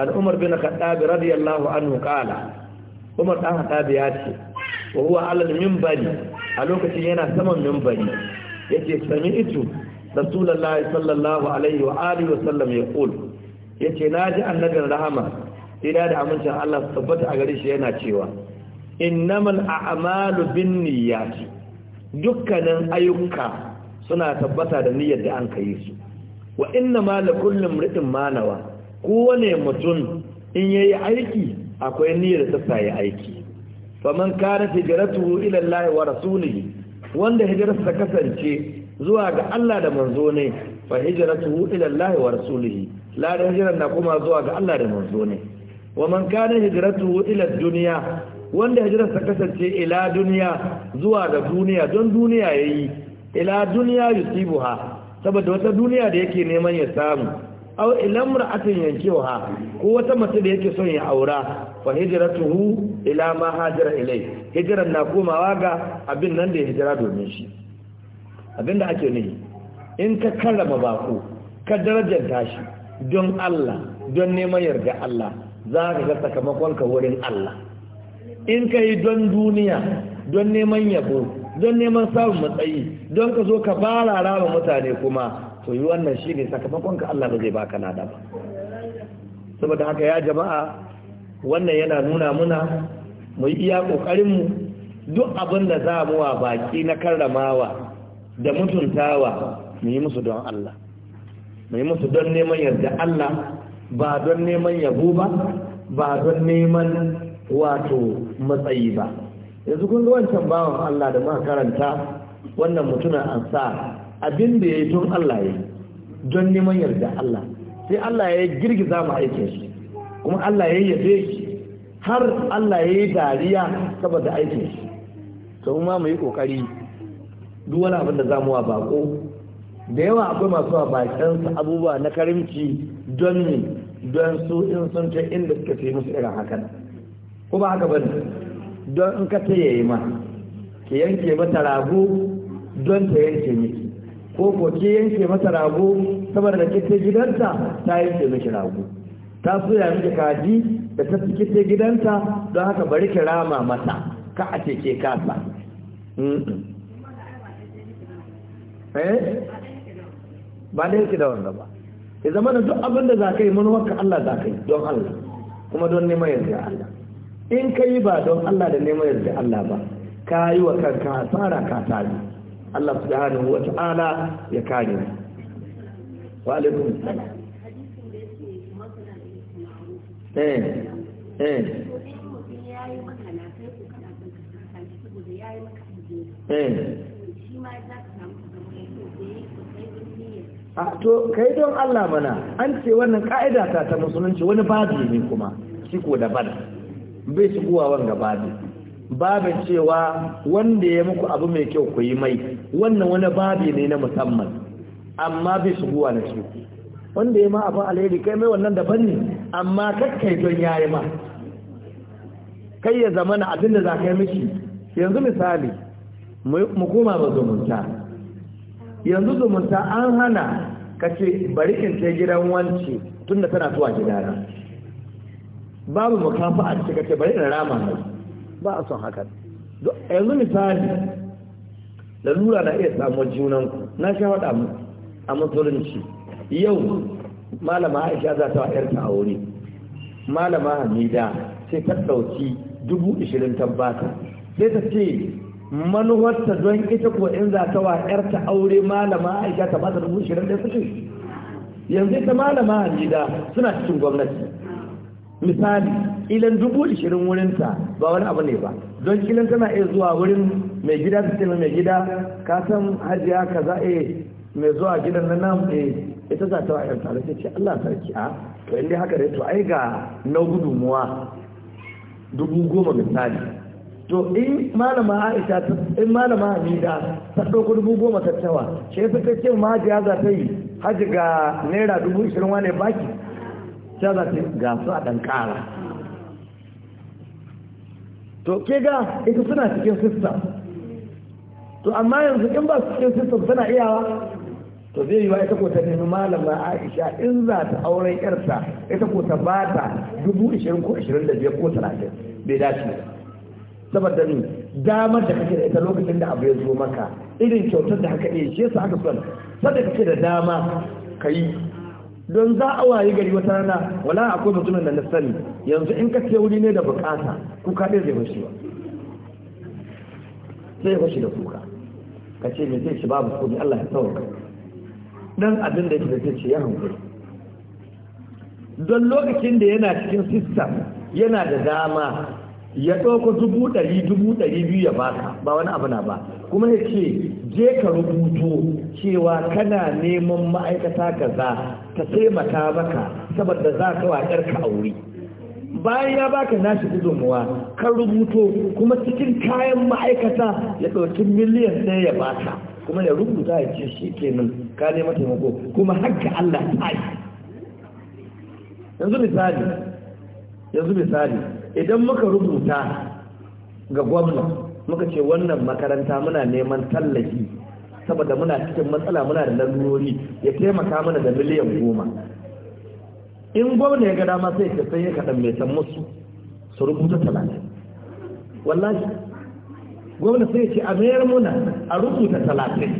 an umar bin khattab radiyallahu anhu kala umar dan khattab ya ce wa huwa ala minbari a lokacin yana saman minbari yace sami itu rasulullahi sallallahu alaihi wa alihi wa sallam yaqul yace naji annabin rahama ira da amincin Allah su tabbata a gare shi yana cewa innamal a'malu binniyati dukkanin ayyuka suna tabbata da niyyar da an kai su wa innama likulli imrin ma nawa kowane mutum in yayi aiki akwai niyyar da ta yi aiki faman kana hijratuhu ila Allah wa rasulihi wanda sa kasance zuwa ga Allah da manzo ne fa hijratuhu ila Allah wa rasulihi la da hijrar na kuma zuwa ga Allah da manzo ne wa man kana hijratuhu ila dunya wanda hijrarsa kasance ila dunya zuwa ga duniya don duniya yayi ila dunya yusibuha saboda wata duniya da yake neman ya samu aw ila imra'atin yankiha ko wata mace da yake son ya aura fa hijratuhu ila ma hajara ilai hijran na komawa ga abin nan da ya hijira domin shi abinda ake nufi in ka karrama bako ka darajar tashi don Allah don neman yarda Allah za ka ga sakamakon ka wurin Allah in ka yi don duniya don neman yabo don neman samun matsayi don ka zo ka barara wa mutane kuma to yi wannan shi ne sakamakon ka Allah ba zai baka nada ba saboda haka ya jama'a wannan yana nuna muna mu yi iya ƙoƙarinmu duk abin da za mu wa baki na karramawa da mutuntawa mu yi musu don Allah mu yi musu don neman yarda Allah ba don neman yabo ba ba don neman wato matsayi ba yanzu kun ga wancan bawan Allah da muka karanta wannan mutumin ansa abin da yayi tun Allah yayi don neman yarda Allah sai Allah ya girgiza mu aikin shi kuma Allah ya yabe shi har Allah ya yi dariya saboda aikin shi to ma mu yi kokari duk wani abin da zamu wa bako da yawa akwai masu a su abubuwa na karimci don ne don su in sun ta inda suka ce musu irin hakan ko ba haka bane don in ka ta yayi ma ki yanke mata rago don ta yanke miki ko ko ke yanke mata rago saboda da kike gidanta ta yanke miki rago ta soya miki kaji da ta kike gidanta don haka bari ki rama mata ka a ce ke kasa eh ba da yake da wanda ba ya zama da duk abin da za ka yi manuwarka Allah za ka yi don Allah kuma don neman yarda Allah in ka yi ba don Allah da neman yarda Allah ba ka yi wa kanka tsara ka tabi Allah subhanahu wa ta'ala ya kare mu wa alaikum salam eh eh eh a to kai don Allah mana an ce wannan ka'ida ta ta musulunci wani babu ne kuma shiko bada bai shigowa wanga babu babin cewa wanda ya muku abu mai kyau ku yi mai wannan wani babu ne na musamman amma bai shigowa na shi wanda ya ma abu alheri kai mai wannan daban ne amma kakkai don ya yi ma kai ya zama na abin da za ka yi mishi yanzu misali mu koma ba zumunta yanzu zumunta an hana ka ce bari in sai gidan wanci tunda da tana zuwa gidana babu makafa a cika ce bari in rama mai ba a son haka yanzu misali lalura na iya samu junanku na sha faɗa a musulunci yau malama aisha za ta wa yarta a wuri malama hamida sai ta ɗauki dubu ishirin tabbata sai ta ce manuwarta don ita ko in za ta wa ta aure malama aisha ta ba ta dubu shirin da suke yanzu ita malama a halida suna cikin gwamnati misali ilan dubu ishirin wurinta ba wani abu ne ba don ilan tana iya zuwa wurin mai gida su ce mai gida ka san hajiya ka za a eh, mai zuwa gidan na nan e ita za ta wa yarta da ce Allah sarki a to inda haka dai to ai ga na gudunmuwa dubu goma misali to in malama aisha ta in malama amida ta ɗauko dubu goma tattawa shi ya ta ce ma hajiya za ta yi haji ga naira dubu ishirin wane baki ta za ta ga su a ɗan ƙara to ke ga ita suna cikin sista. to amma yanzu in ba su cikin sistem suna iyawa to zai yi wa ita ko ta nemi malama aisha in za ta auren 'yarsa ita ko ta ba ta dubu ishirin ko ishirin da biyar ko talatin bai dace ba saboda ni damar da kake da ita lokacin da abu ya zo maka irin kyautar da haka iya shi yasa aka son sada kake da dama ka yi don za a waye gari wata rana wala akwai mutumin da na sani yanzu in ka ce wuri ne da bukata kuka ɗaya zai fashi ba sai fashi da kuka ka ce me zai ci babu kuɗi Allah ya tsawaka dan abin da yake ce ya hankali don lokacin da yana cikin system yana da dama ya ɗauko dubu ɗari dubu ɗari biyu ya baka ba wani abu na ba kuma ya ce je ka rubuto cewa kana neman ma'aikata kaza ta taimaka maka saboda za ka waƙar ka aure bayan ya baka nashi gudunmuwa ka rubuto kuma cikin kayan ma'aikata ya ɗauki miliyan ɗaya ya baka kuma ya rubuta ya ce shi ke nan ka nema taimako kuma haka Allah ta yanzu misali yanzu misali idan muka rubuta ga gwamna muka ce wannan makaranta muna neman tallafi saboda muna cikin matsala muna da lalurori ya taimaka mana da miliyan goma in gwamna ya ga dama sai sai ya kaɗan mai san musu su rubuta talatin wallahi gwamna sai ya ce a mayar muna a rubuta talatin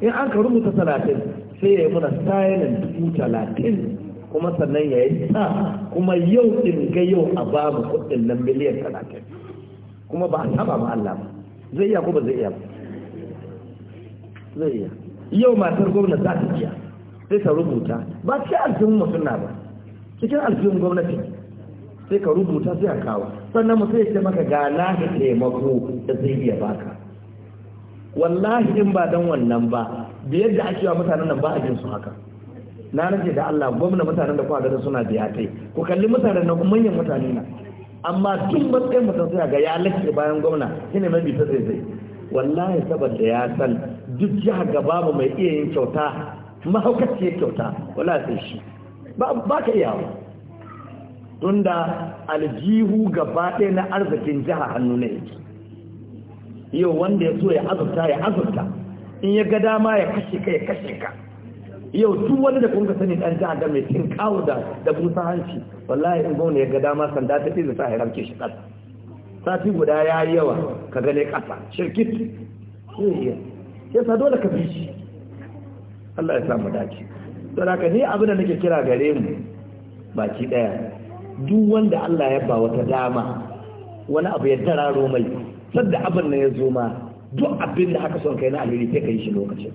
in an ka rubuta talatin sai ya yi muna sayanin dubu talatin kuma sannan ya yi sa kuma yau in ga yau a ba mu kuɗin nan miliyan talatin kuma ba a saba ma Allah ba zai iya ko ba zai iya ba zai iya yau matar gwamna za ta iya sai ka rubuta ba cikin alfihun mutum na ba cikin alfihun gwamnati sai ka rubuta sai a kawo sannan mu ya ce maka ga na ka taimako da zai iya baka wallahi in ba dan wannan ba da yadda ake wa mutanen nan ba a jin su haka na rage da Allah gwamna mutanen da kuwa gani suna biyatai ku kalli mutanen nan manyan mutane na amma tun matsayin mutum sai ga ya lake bayan gwamna shine mai bita sai wallahi saboda ya san duk jiha ga babu mai iya yin kyauta mahaukaci kyauta wallahi sai shi ba ka iya tunda aljihu gaba ɗaya na arzikin jiha hannu ne yau wanda ya so ya azurta ya azurta in ya ga dama ya kashe ka ya kashe ka yau duk wani da kun sani dan jihar da mai cin kawo da da busa hanci wallahi in gwamna ya ga dama sanda ta da sa haram shi kasa sati guda ya yi yawa ka gane kasa shirkit shi iya ya sa dole ka bi shi Allah ya samu dace don haka ni abin da nake kira gare mu baki daya duk wanda Allah ya ba wata dama wani abu ya dararo mai sadda abin nan ya zo ma duk abin da aka son kai na alheri sai ka yi shi lokacin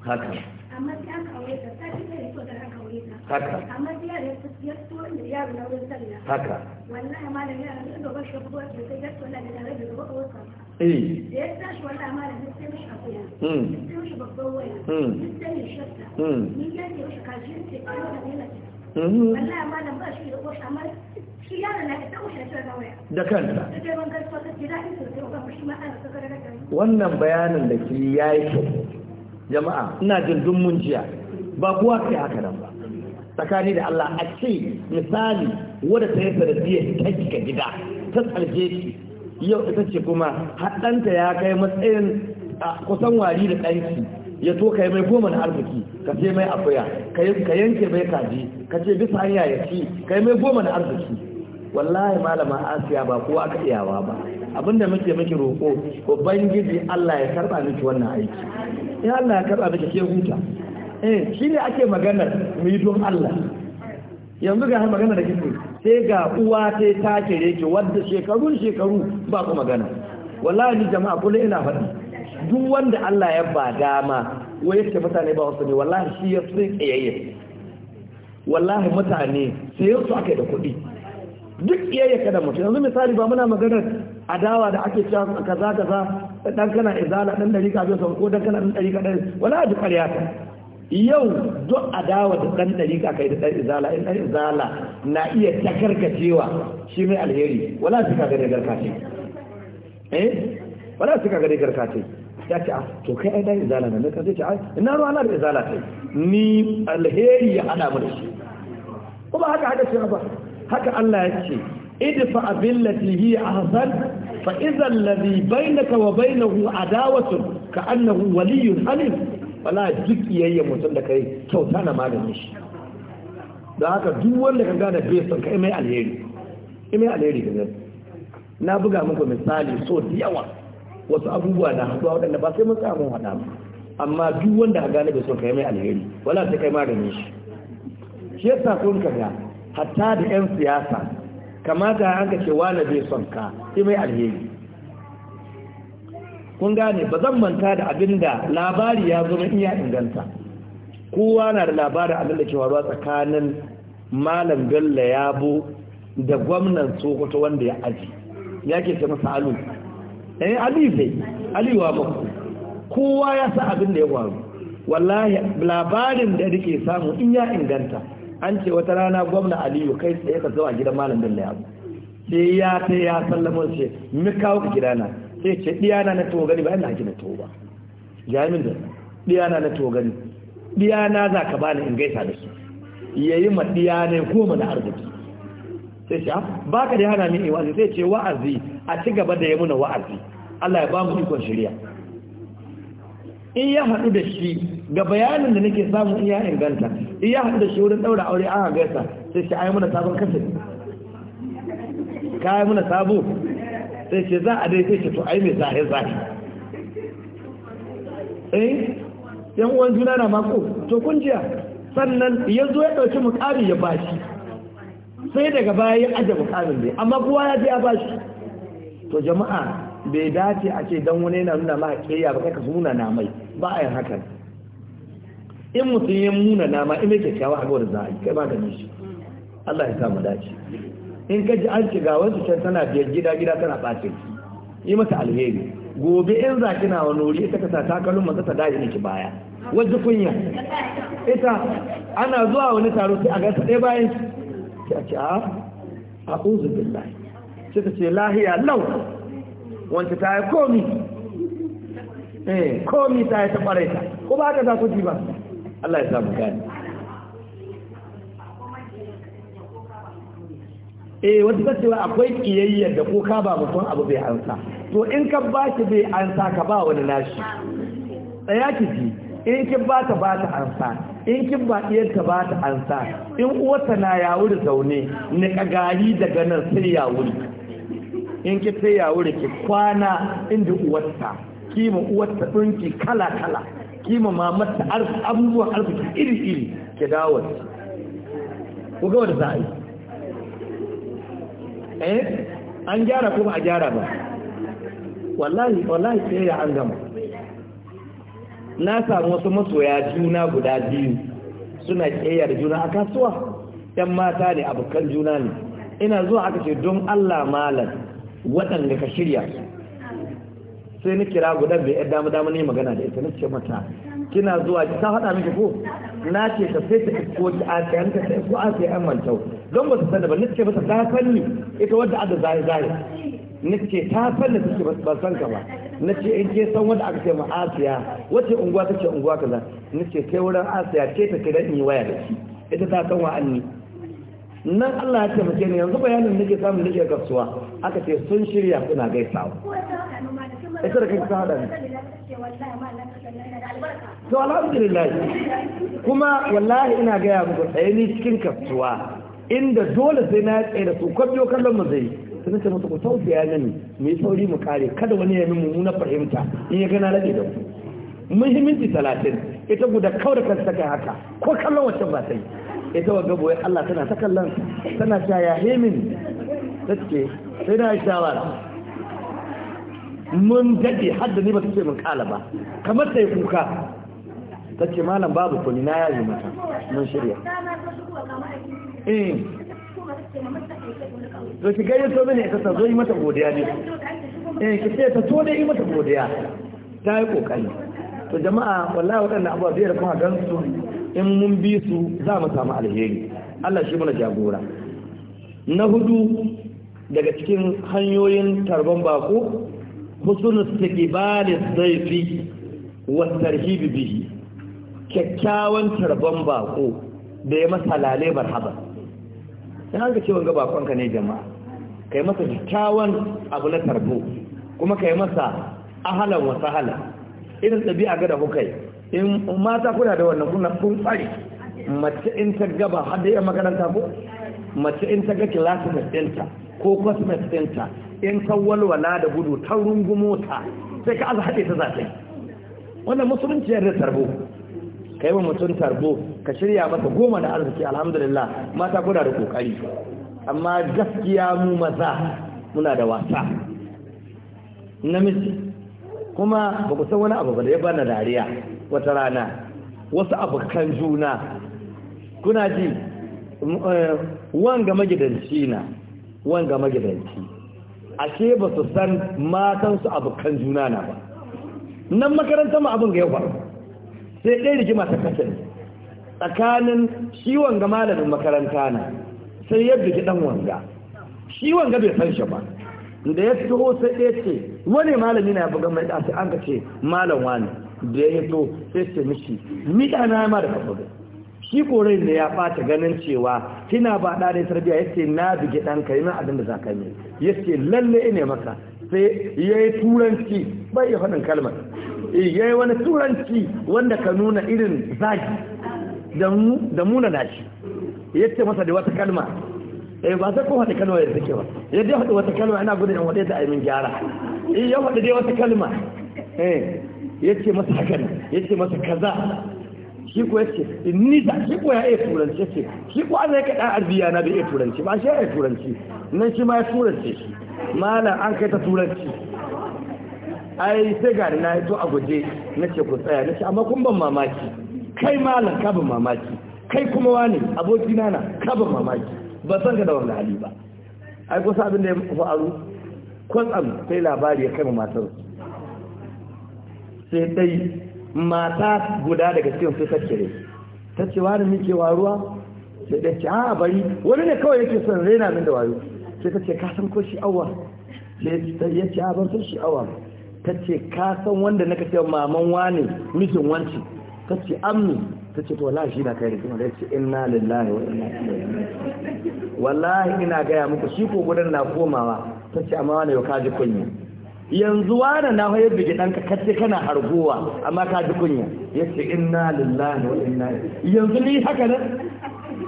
haka amma sai aka aure ta ta sai aka aure ta haka amma sai ya ya so ya wurin sallah haka wallahi malam ya da bashi ko sai ya so da da ko eh da ya tashi wallahi malam sai sai mishi akuya mm sai mishi babban waya mm sai mishi mm ni ya ce kaji sai ne na wallahi malam ba shi da ko amma da kanta wannan bayanin da ke ya yi kyau jama'a ina jin dummun jiya ba kuwa kai haka nan ba tsakani da Allah a ce misali wadda ta yi sanadiyar ta kika gida ta tsarje shi yau ita ce kuma haɗanta ya kai matsayin kusan wari da ɗanki ya to ka yi mai goma na arziki ka ce mai akuya ka yanke mai kaji ka ce bisa hanya ya ci ka yi mai goma na arziki wallahi malama asiya ba kowa aka iyawa ba abinda muke miki roƙo ubangiji Allah ya karba miki wannan aiki in Allah ya karba miki ke huta eh shine ake magana mu yi don Allah yanzu ga magana da kike sai ga uwa ta ta kire ki wanda shekaru shekaru ba ku magana wallahi ni jama'a kullu ina faɗi duk wanda Allah ya ba dama wai yake mutane ba wasu ne wallahi shi ya tsaye tsayayye wallahi mutane sai su aka da kuɗi duk iyayyaka da mutum yanzu misali ba muna maganar adawa da ake cewa kaza kaza dan kana izala dan dari ka zo ko dan kana dan dari ka wala duk ƙarya ta yau duk adawa da dan dari ka kai da dan izala in dan izala na iya takarkacewa shi mai alheri wala su ka gare ce eh wala su ka gare ce ya ce ah, to kai ai dan izala ne ka ce ai ina ruwa na da izala kai ni alheri ya hada mu da shi kuma haka haka ce ba haka Allah ya ce idfa billati hi ahsan fa idha alladhi bainaka wa bainahu adawatu ka annahu waliyyun halim wala duk yayya mutum da kai kyauta na maganin shi da haka duk wanda ka gane bai son kai mai alheri mai alheri ga na buga muku misali so da yawa wasu abubuwa na haɗuwa waɗanda ba sai mun samu haɗa ba amma duk wanda ka gane bai son kai mai alheri wala sai kai maganin shi shi yasa kun ka hatta da 'yan siyasa kamata an ka ce wane bai son ka sai mai alheri kun gane ba zan manta da abin da labari ya zama iya inganta kowa na da labarin abin da ke faruwa tsakanin malam bello yabo da gwamnan sokoto wanda ya aji ya ke ce masa alu ɗaya eh, alifai aliwa maku kowa ya sa abin da ya faru wallahi labarin da rike samu in ya inganta an ce wata rana gwamna aliyu kai tsaye ka zo a gidan malam da ya sai ya ta ya sallama ce mi kawo ka gidana sai ce diyana na tuwo gani ba ina gina tuwo ba jami'in da diyana na tuwo gani diyana za ka bani in gaisa da su yayi ma diyana ma na arziki sai ce ah, ba ka da hana ni in wa'azi sai ce wa'azi a ci gaba da ya na wa'azi Allah ya ba mu ikon shirya in ya haɗu da shi ga bayanin da nake samu iya inganta iya ya da shi wurin ɗaura aure aka gaisa sai shi ayi muna sabon ka kayi muna sabo sai shi za a dai sai shi to ayi mai zahir zahir eh yan uwan juna na mako to kun jiya sannan ya zo ya ɗauki mukami ya bashi sai daga baya ya aje mukamin ne amma kowa ya je ya bashi to jama'a bai dace a ce dan wani yana nuna ma haƙƙiya ba kai ka nuna na mai ba a yin hakan in mutum ya muna nama in yake kyawa a gawar za'a kai maganin shi Allah ya samu dace in ka ji an shiga wasu can tana biyar gida gida tana ɓace yi mata alheri gobe in za kina wani wuri ita ka sa takalin masa ta daji niki baya wajen kunya ita ana zuwa wani taro sai a ga ta ɗaya bayan shi a ce a ah, ƙunzu billahi sai ta ce lahiya lau wanda ta yi komi eh, komi ta yi ta ɓare ta ko ba ka za ku ji ba Allah ya samu gani eh wata ta cewa akwai ƙiyayyar da kuka ba mutum abu bai ansa to in ka ba shi bai ansa ka ba wani nashi tsaya ki ji in ki ba ta ba ta ansa in ki ba diyar ta ba ta ansa in uwarta na ya wuri zaune ni kagari daga nan sai ya wuri in ki sai ya wuri ki kwana inda uwarta ma uwarta ɗunki kala kala Kima ma mata abubuwan arziki iri-iri ke dawo ku ga wadda za yi eh an gyara ko ba a gyara ba wallahi wallahi sai ya an gama na samu wasu masoya juna guda biyu suna ƙeyar juna a kasuwa ɗan mata ne abokan juna ne ina zuwa aka ce don Allah malar waɗanda ka shirya sai ni kira gudan bai yar dama dama ne magana da ita na ce mata kina zuwa ta faɗa miki ko na ce ta sai ta ko ta asiyan ta sai ko sai an mantau don ba su sani ba ni ce mata ta ni, ita wadda aka zai zai ni ce ta sanni ta ce ba san ka ba na ce in ke san wanda aka ce ma asiya wace unguwa ta ce unguwa kaza ni ce kai wurin asiya ce ta kira in yi waya da shi ita ta san wa anni nan Allah ya taimake ni yanzu bayanin nake samun nake kasuwa aka ce sun shirya suna gaisawa ita da kanka hada ne to alhamdulillah kuma wallahi ina gaya muku tsaye ni cikin kaftuwa inda dole sai na tsaye da su kwabiyo kallon mu zai sun ce musu ku tausaya mini mu yi sauri mu kare kada wani ya min mummunar fahimta in ya gana rage da ku muhimmanci talatin ita guda kawai da kansa kai haka ko kallon wacce ba ta yi ita wa gabo Allah tana ta kallon tana shaya hemin ta sai na shawara mun daɗe hadda ni ba ta ce mun kala ba kamar ta yi kuka ta ce malam babu kuni na yaji mata mun shirya eh to ki gaya to bane ta sazo yi mata godiya ne eh ki ce ta to da yi mata godiya ta yi kokari to jama'a wallahi waɗannan abubuwa biyar kuma gan su in mun bi su za mu samu alheri Allah shi mana jagora na hudu daga cikin hanyoyin tarban bako husn istiqbal as-sayfi wa tarhib bihi kyakkyawan tarban bako da ya masa lale barhaba dan ga cewa ga bakon ka ne jama'a kai masa kyakkyawan abu na tarbo kuma kai masa ahalan wa sahala irin dabi'a ga da kuka in mata kuna da wannan kuna kun tsari mace in ta gaba har da makaranta ko mace in ta ga kilasimin ɗinta ko cosmet ɗinta in ta walwala da gudu ta rungumo ta sai ka aza haɗe ta zafi wannan musulunci yadda tarbo ka yi wa mutum tarbo ka shirya masa goma na arziki alhamdulillah mata kuna da kokari amma gaskiya mu maza muna da wasa namiji kuma ba ku san wani abu ba da ya bana dariya wata rana wasu kan juna kuna ji eh, wanga magidanci na wanga magidanci ashe ba su san matansu abokan juna na ba nan makaranta ma abin ga yau faru sai ɗaya jima ta kasance tsakanin shi wanga malamin makaranta na sai yadda ji dan wanga shi wanga bai san shi ba da ya fito sai ɗaya ce wani malami na buga mai ɗasa an ka ce malam wani da ya fito sai ce mishi miɗa na ma da kafa shi korin da ya fata ganin cewa kina ba da ne sarbiya yace na bige dan kai na abin da zaka yi yace lalle ne maka sai yayi turanci bai ya faɗin kalmar eh, yayi wani turanci wanda ka nuna irin zaki da muna na shi yace masa da wata kalma eh ba sai ko hada kalma ya take ba yadda hada wata kalma ina gudun in wade ta aimin gyara eh ya hada dai wata kalma eh yace masa hakan yace masa kaza shi ko yace ni da shi ko ya iya turanci ce, shi ko an yake dan arziya na bai iya turanci ba shi ya iya turanci nan shi ma ya turance shi malam an kai ta turanci ai sai ga na to a guje nace ku tsaya nace amma kun ban mamaki kai malam ka ban mamaki kai kuma wani aboki na ka ban mamaki ba san ka da wannan hali ba ai ko sabin abin da ya faru kwatsam sai labari ya kai matar sai dai mata guda daga cikin sai ta cire ta ce wani muke waruwa sai da ce a bari wani ne kawai yake son raina min da wayo sai ta ce ka san ko shi awa sai ta ya ce a ban san shi awa ta ce ka san wanda na kace maman wani mijin wanci ta ce amni ta ce to wallahi shi na kai rikin da ce inna lillahi wa inna ilaihi wallahi ina gaya muku shi ko gudan na komawa ta ce amma wani yau kaji kunya yanzu wane na hoye bige ɗanka kace kana harguwa amma ka ji kunya ya ce inna lillahi wa inna yanzu ni haka nan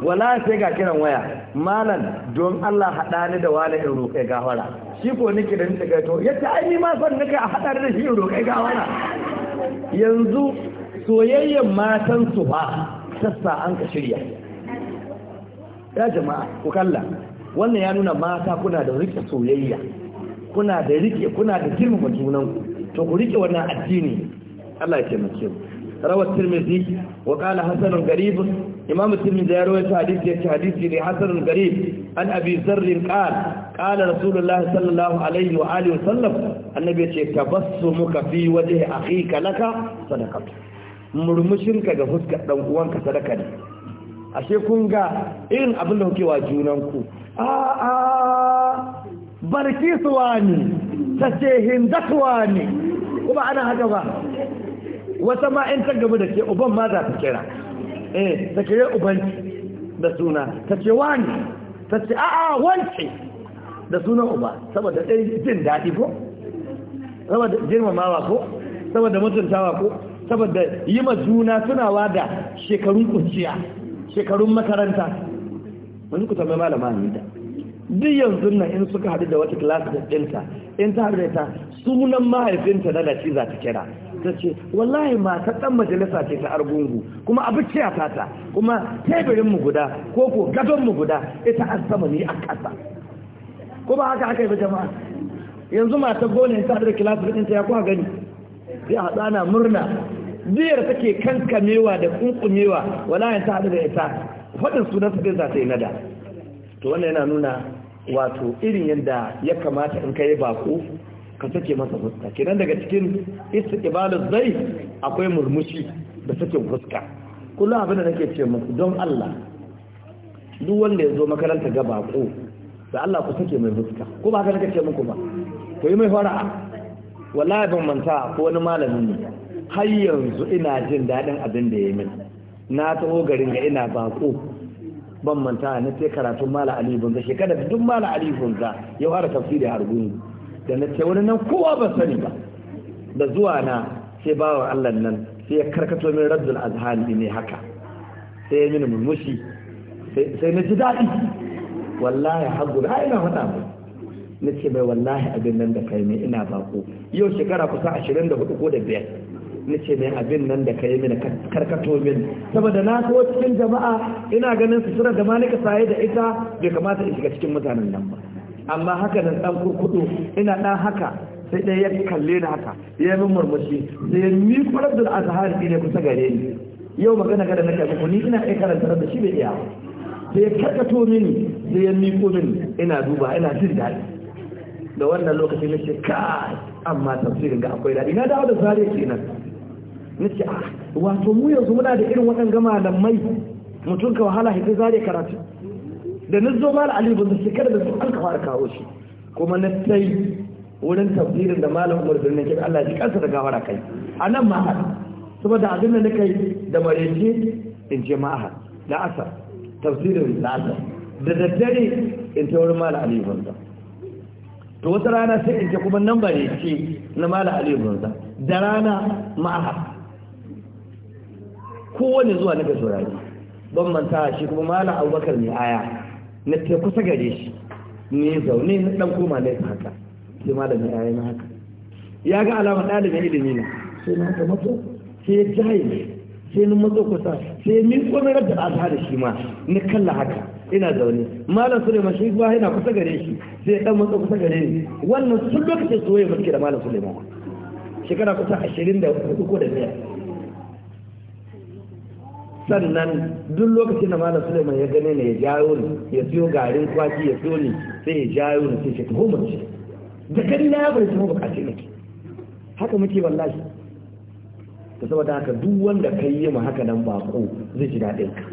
wala sai ga kiran waya malam don Allah haɗa ni da wani in roƙe gawara shi ko nake da nake gaito ya ce ai ni ma son nake a haɗa da shi in roƙe gawara yanzu soyayyen matan su ba sassa an ka shirya ya jama'a ku kalla wannan ya nuna mata kuna da rike soyayya kuna da rike kuna da girmama junanku to ku rike wannan addini Allah ya taimake mu rawat tirmidhi wa qala hasanun garib imam tirmidhi ya rawaita hadisi yace hadisi ne hasanun garib an abi zarr qala qala rasulullah sallallahu alaihi wa alihi wasallam annabi yace tabassumuka fi wajhi akhika laka murmushin ka ga fuskar dan uwanka sadaka ne ashe kun ga irin abin da kuke wa junanku a a suwa ne ta ce suwa ne kuma ana haka ba wata ma in ta gaba da ke uban ma za ta kira eh ta kira uban da suna ta ce wani ta ce a'a wance da sunan uba saboda ɗari jin daɗi ko saboda girmamawa ko saboda mutuntawa ko saboda yi ma juna tunawa da shekarun kunciya shekarun makaranta wani ku tambayi malama ne da duk yanzu nan in suka haɗu da wata class da ɗinta in ta haɗu da ta sunan mahaifinta na naci za ta kira ta ce wallahi mata ɗan majalisa ce ta argungu kuma ce a tata kuma mu guda ko ko mu guda ita an sama ni a ƙasa ko ba haka haka yi ba jama'a yanzu mata gona ta haɗu da class ɗinta ya kuwa gani sai a tsana murna biyar take kankamewa da kunkumewa wallahi ta haɗu da ita faɗin sunan su ɗin za ta yi nada to wannan yana nuna wato irin yadda ya kamata in kai bako ka sake masa fuska kenan daga cikin istiqbalu zai akwai murmushi da sake fuska kullum abin da nake ce muku don Allah duk wanda ya zo makaranta ga bako da Allah ku sake mai fuska ko ba ka nake ce muku ba ku yi mai fara'a wallahi ban manta ko wani malamin ne har yanzu ina jin daɗin abin da ya yi min na taho garin ga ina bako ban manta na ce karatun mala ali bunza shekara da duk mala ali bunza ya fara tafsiri har guni da na ce wani nan kowa ba sani ba da zuwa na sai bawa Allah nan sai ya karkato min raddul azhani ne haka sai ya mini murmushi sai na ji daɗi wallahi haggul ha ina faɗa ba." na ce mai wallahi abin nan da kai ne ina bako yau shekara kusa ashirin da hudu ko da biyar nace ne abin nan da kai mini karkato min saboda na so cikin jama'a ina ganin sutura da malika saye da ita bai kamata in shiga cikin mutanen nan ba amma haka nan dan kurkudu ina dan haka sai dai ya kalle ni haka ya yi murmushi sai ni kwarar da din ne kusa gare ni yau magana ga da nake muku ni ina iya karanta da shi bai iya sai ya karkato mini sai ya miko mini ina duba ina jin daɗi da wannan lokacin na ce kai amma tafsirin ga akwai daɗi na dawo da zariya kenan nace ah, wato mu yanzu muna da irin waɗanga malamai mutum ka wahala hita zare karatu da na zo mal ali bin shekara da su an ka fara kawo shi kuma na sai wurin tafsirin da malam Umar bin Nakib Allah ya kansa da gawara kai A nan ma saboda abin da kai da marece in jama'a da asar tafsirin da asar da daddare in ta wurin malam ali bin to wata rana sai in ce kuma nan bare ce na malam ali bin da rana ma'ahad kowane zuwa na ga saurari ban manta shi kuma malam abubakar mai aya na ta kusa gare shi ne zaune na dan koma na haka sai malam mai aya na haka ya ga alama ɗalibin ilimi na sai na haka mato sai ya jaye sai na matso kusa sai min komai da azhar shi ma na kalla haka ina zaune malam suleiman shi ba yana kusa gare shi sai dan matso kusa gare ni wannan sun lokacin soyayya muke da malam suleiman shekara kusa ashirin da hudu ko da biyar sannan duk lokacin da malam Suleiman ya gane ne ya jayo ni ya siyo garin kwaki ya siyo ni sai ya jayo ni sai shi tuhumar shi da kadi na ya bari tuhumar bukaci nake haka muke wallahi ta saboda haka duk wanda ka yi ma haka nan bako zai ji daɗin ka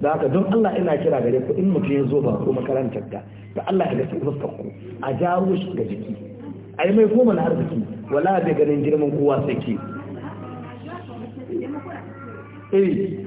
da haka don Allah ina kira gare ku in mutum ya zo bako makarantar da ta Allah ya gasa fuskar ku a jawo shi ga jiki a yi mai koma na arziki wala bai ganin girman kowa sai ke eh.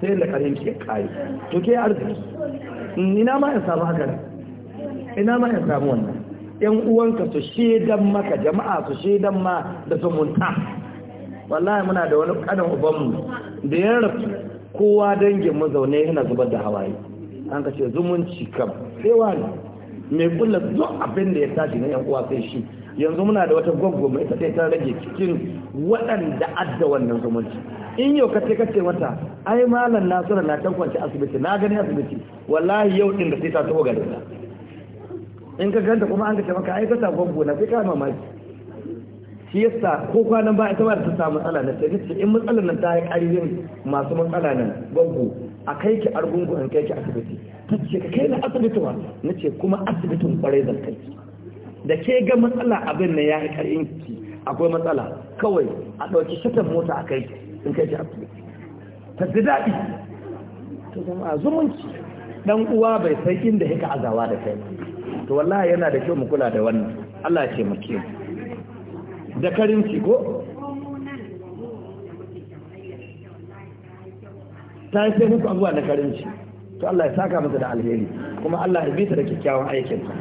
sai da karin ke kare to ke arziki ina ma in samu haka ina ma in samu wannan yan uwanka su shedan maka jama'a su shedan ma da munta wallahi muna da wani kanin uban mu da ya rafu kowa dangin mu zaune yana zubar da hawaye an ka ce zumunci kam sai wani mai kulla duk abin da ya tashi na yan uwa sai shi yanzu muna da wata gwaggo mai ta ta rage cikin waɗanda adda wannan zumunci in yau kace kace mata ai malam nasura na tankwanci asibiti na gani asibiti wallahi yau din da sai ta taho garin in ka ganta kuma an ka ce maka ai ka ta gwaggo na sai ka mamaki shi yasa ko kwanan ba ita ba ta samu matsala na sai ce in matsalar nan ta yi ƙarfin masu matsala nan gwaggo a kai ki argungu an kai ki asibiti ta ce ka kai na asibiti wa na ce kuma asibitin kwarai zan kai da ke ga matsala abin na ya yi ƙarfin ki akwai matsala kawai a ɗauki shatan mota a kai in kai jafi ta fi daɗi to zama zumunci ɗan uwa bai san inda yake azawa da kai to wallahi yana da kyau mu kula da wannan Allah ya taimake mu da karinci ko ta yi sai muku abuwa da karinci to Allah ya saka mata da alheri kuma Allah ya bi ta da kyakkyawan aikinta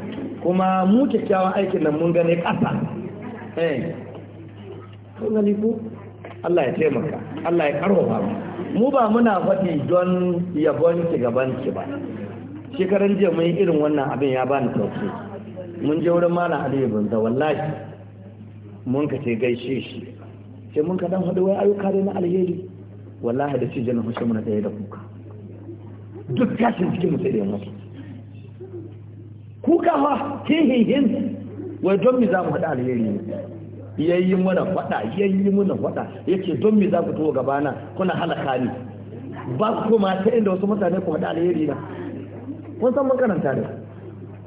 kuma mu kyakkyawan aikin nan mun gane ƙasa eh kun gani ku Allah ya taimaka Allah ya karfafa mu mu ba muna faɗi don yabon ki gaban ki ba shekaran jiya mun yi irin wannan abin ya bani tauki mun je wurin malam Aliyu bin wallahi mun ka ce gaishe shi sai mun ka dan hadu wai ayyuka dai na alheri wallahi da shi jana hushe muna ɗaya da kuka duk tashin cikin mutane sai kuka ha hihihin wai don mi za mu haɗa alheri ne yayi mana faɗa yayi mana faɗa yace don mi za ku to na kuna halaka ni ba ku ma ta inda wasu mutane ku haɗa alheri na kun san mun karanta da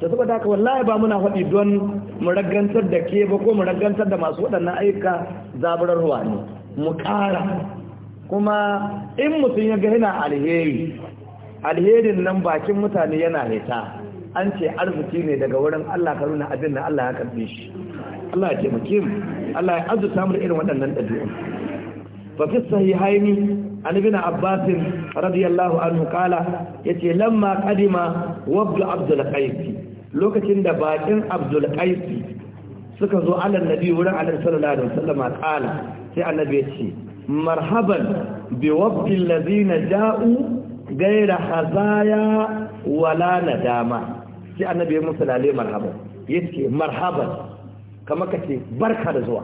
to saboda haka wallahi ba muna faɗi don mu ragantar da ke ba ko mu ragantar da masu waɗannan ayyuka zaburarwa ne mu ƙara kuma in mutum ya ga yana alheri alherin nan bakin mutane yana hita an ce arziki ne daga wurin Allah ka nuna abin da Allah ya karbe shi Allah ya taimake mu Allah ya azurta mu irin waɗannan ɗabi'u fa fi sahihaini an ibn Abbas radiyallahu anhu kala yace lamma qadima wabdu Abdul Qais lokacin da bakin Abdul Qais suka zo ala nabi wurin Allah sallallahu alaihi wasallam kala sai annabi ya ce marhaban bi wabdi allazina ja'u gaira hazaya wala nadama sai annabi ya musu lalai marhaban ya ce marhaban kama ka ce barka da zuwa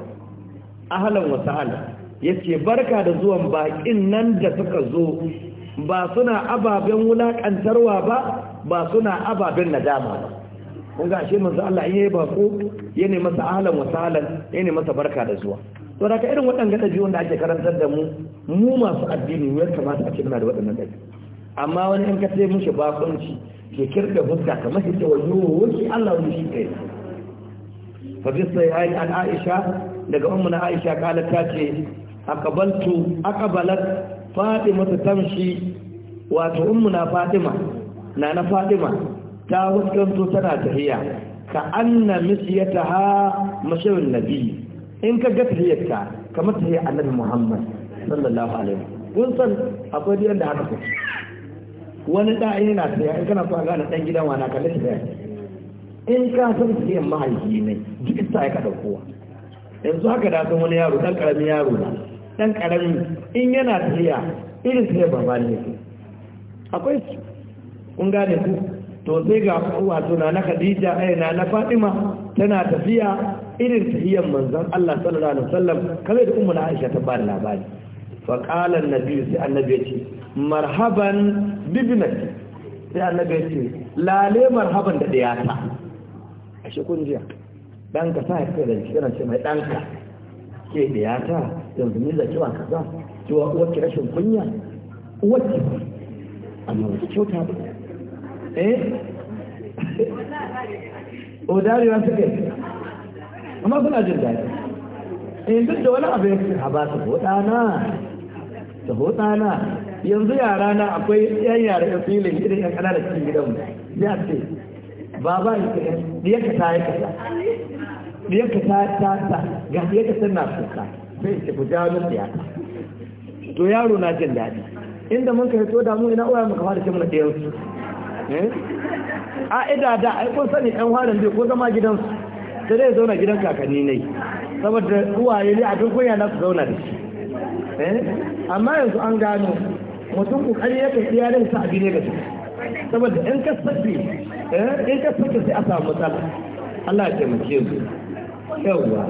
ahalan wasu ala ya ce barka da zuwan baƙin nan da suka zo ba suna ababen wulaƙantarwa ba ba suna ababen nadama ba kun ga shi manzo Allah in yayi bako ya ne masa ahalan wasu ala ya ne masa barka da zuwa to da irin da dabi'un da ake karantar da mu mu masu addini ya kamata a ce muna da waɗannan dabi'u amma wani in ka sai mushi bakunci ke kirga fuska kamar shi cewa wuce Allah wani shi kai fa bi sayyi an Aisha daga ummu na Aisha kala ta ce akabaltu akabalat Fatima ta tamshi wato ummu na Fatima na na Fatima ta huskanto tana tahiya ka anna misyataha mashawin nabi in ka ga tahiyarta kamar tahiyar annabi Muhammad sallallahu alaihi wasallam kun san akwai da haka wani da yana saya in kana so gane dan gidan wa na kalle shi in ka san siyan mahaifi ne duk sa ya ka dauko yanzu haka da san wani yaro dan karamin yaro na dan karamin in yana tafiya irin sai ba ne akwai su kun gane ku to sai ga wato na na Khadija ai na na Fatima tana tafiya irin tafiyan manzon Allah sallallahu alaihi wasallam kamar da ummu Aisha ta ba labari fa qala an-nabi sai annabi ya ce marhaban business sai annabi ya ce lale marhaban da ɗiyata a shekun jiya ɗanka sa haifi da shi yana ce mai ɗanka ke ɗiyata yanzu ni zaki ba kaza cewa uwarki rashin kunya uwarki amma wasu kyauta ba eh o darewa suka amma suna jin daɗi eh duk da wani abu ya ce a ba su hotana ta hotana yanzu yara na akwai yan yara yan filin irin yan kanana cikin gidanmu ya ce baba ya ce ya kasa ya kasa ya kasa ta ta ga ya kasa na kuka sai ce ku jawo min ya to yaro na jin daɗi inda mun kai to damu ina uwa maka fara ce da yansu eh? a ida da ai kun sani ɗan harin zai ko zama gidansu ta zai zauna gidan kakanni ne saboda uwaye ne a duk kunya na su zauna da shi eh? amma yanzu an gano mutum kokari ya kai ya rinsa abi ne ga su saboda in ka sabbi eh, in ka sabbi sai a samu matsala Allah ya taimake mu yawwa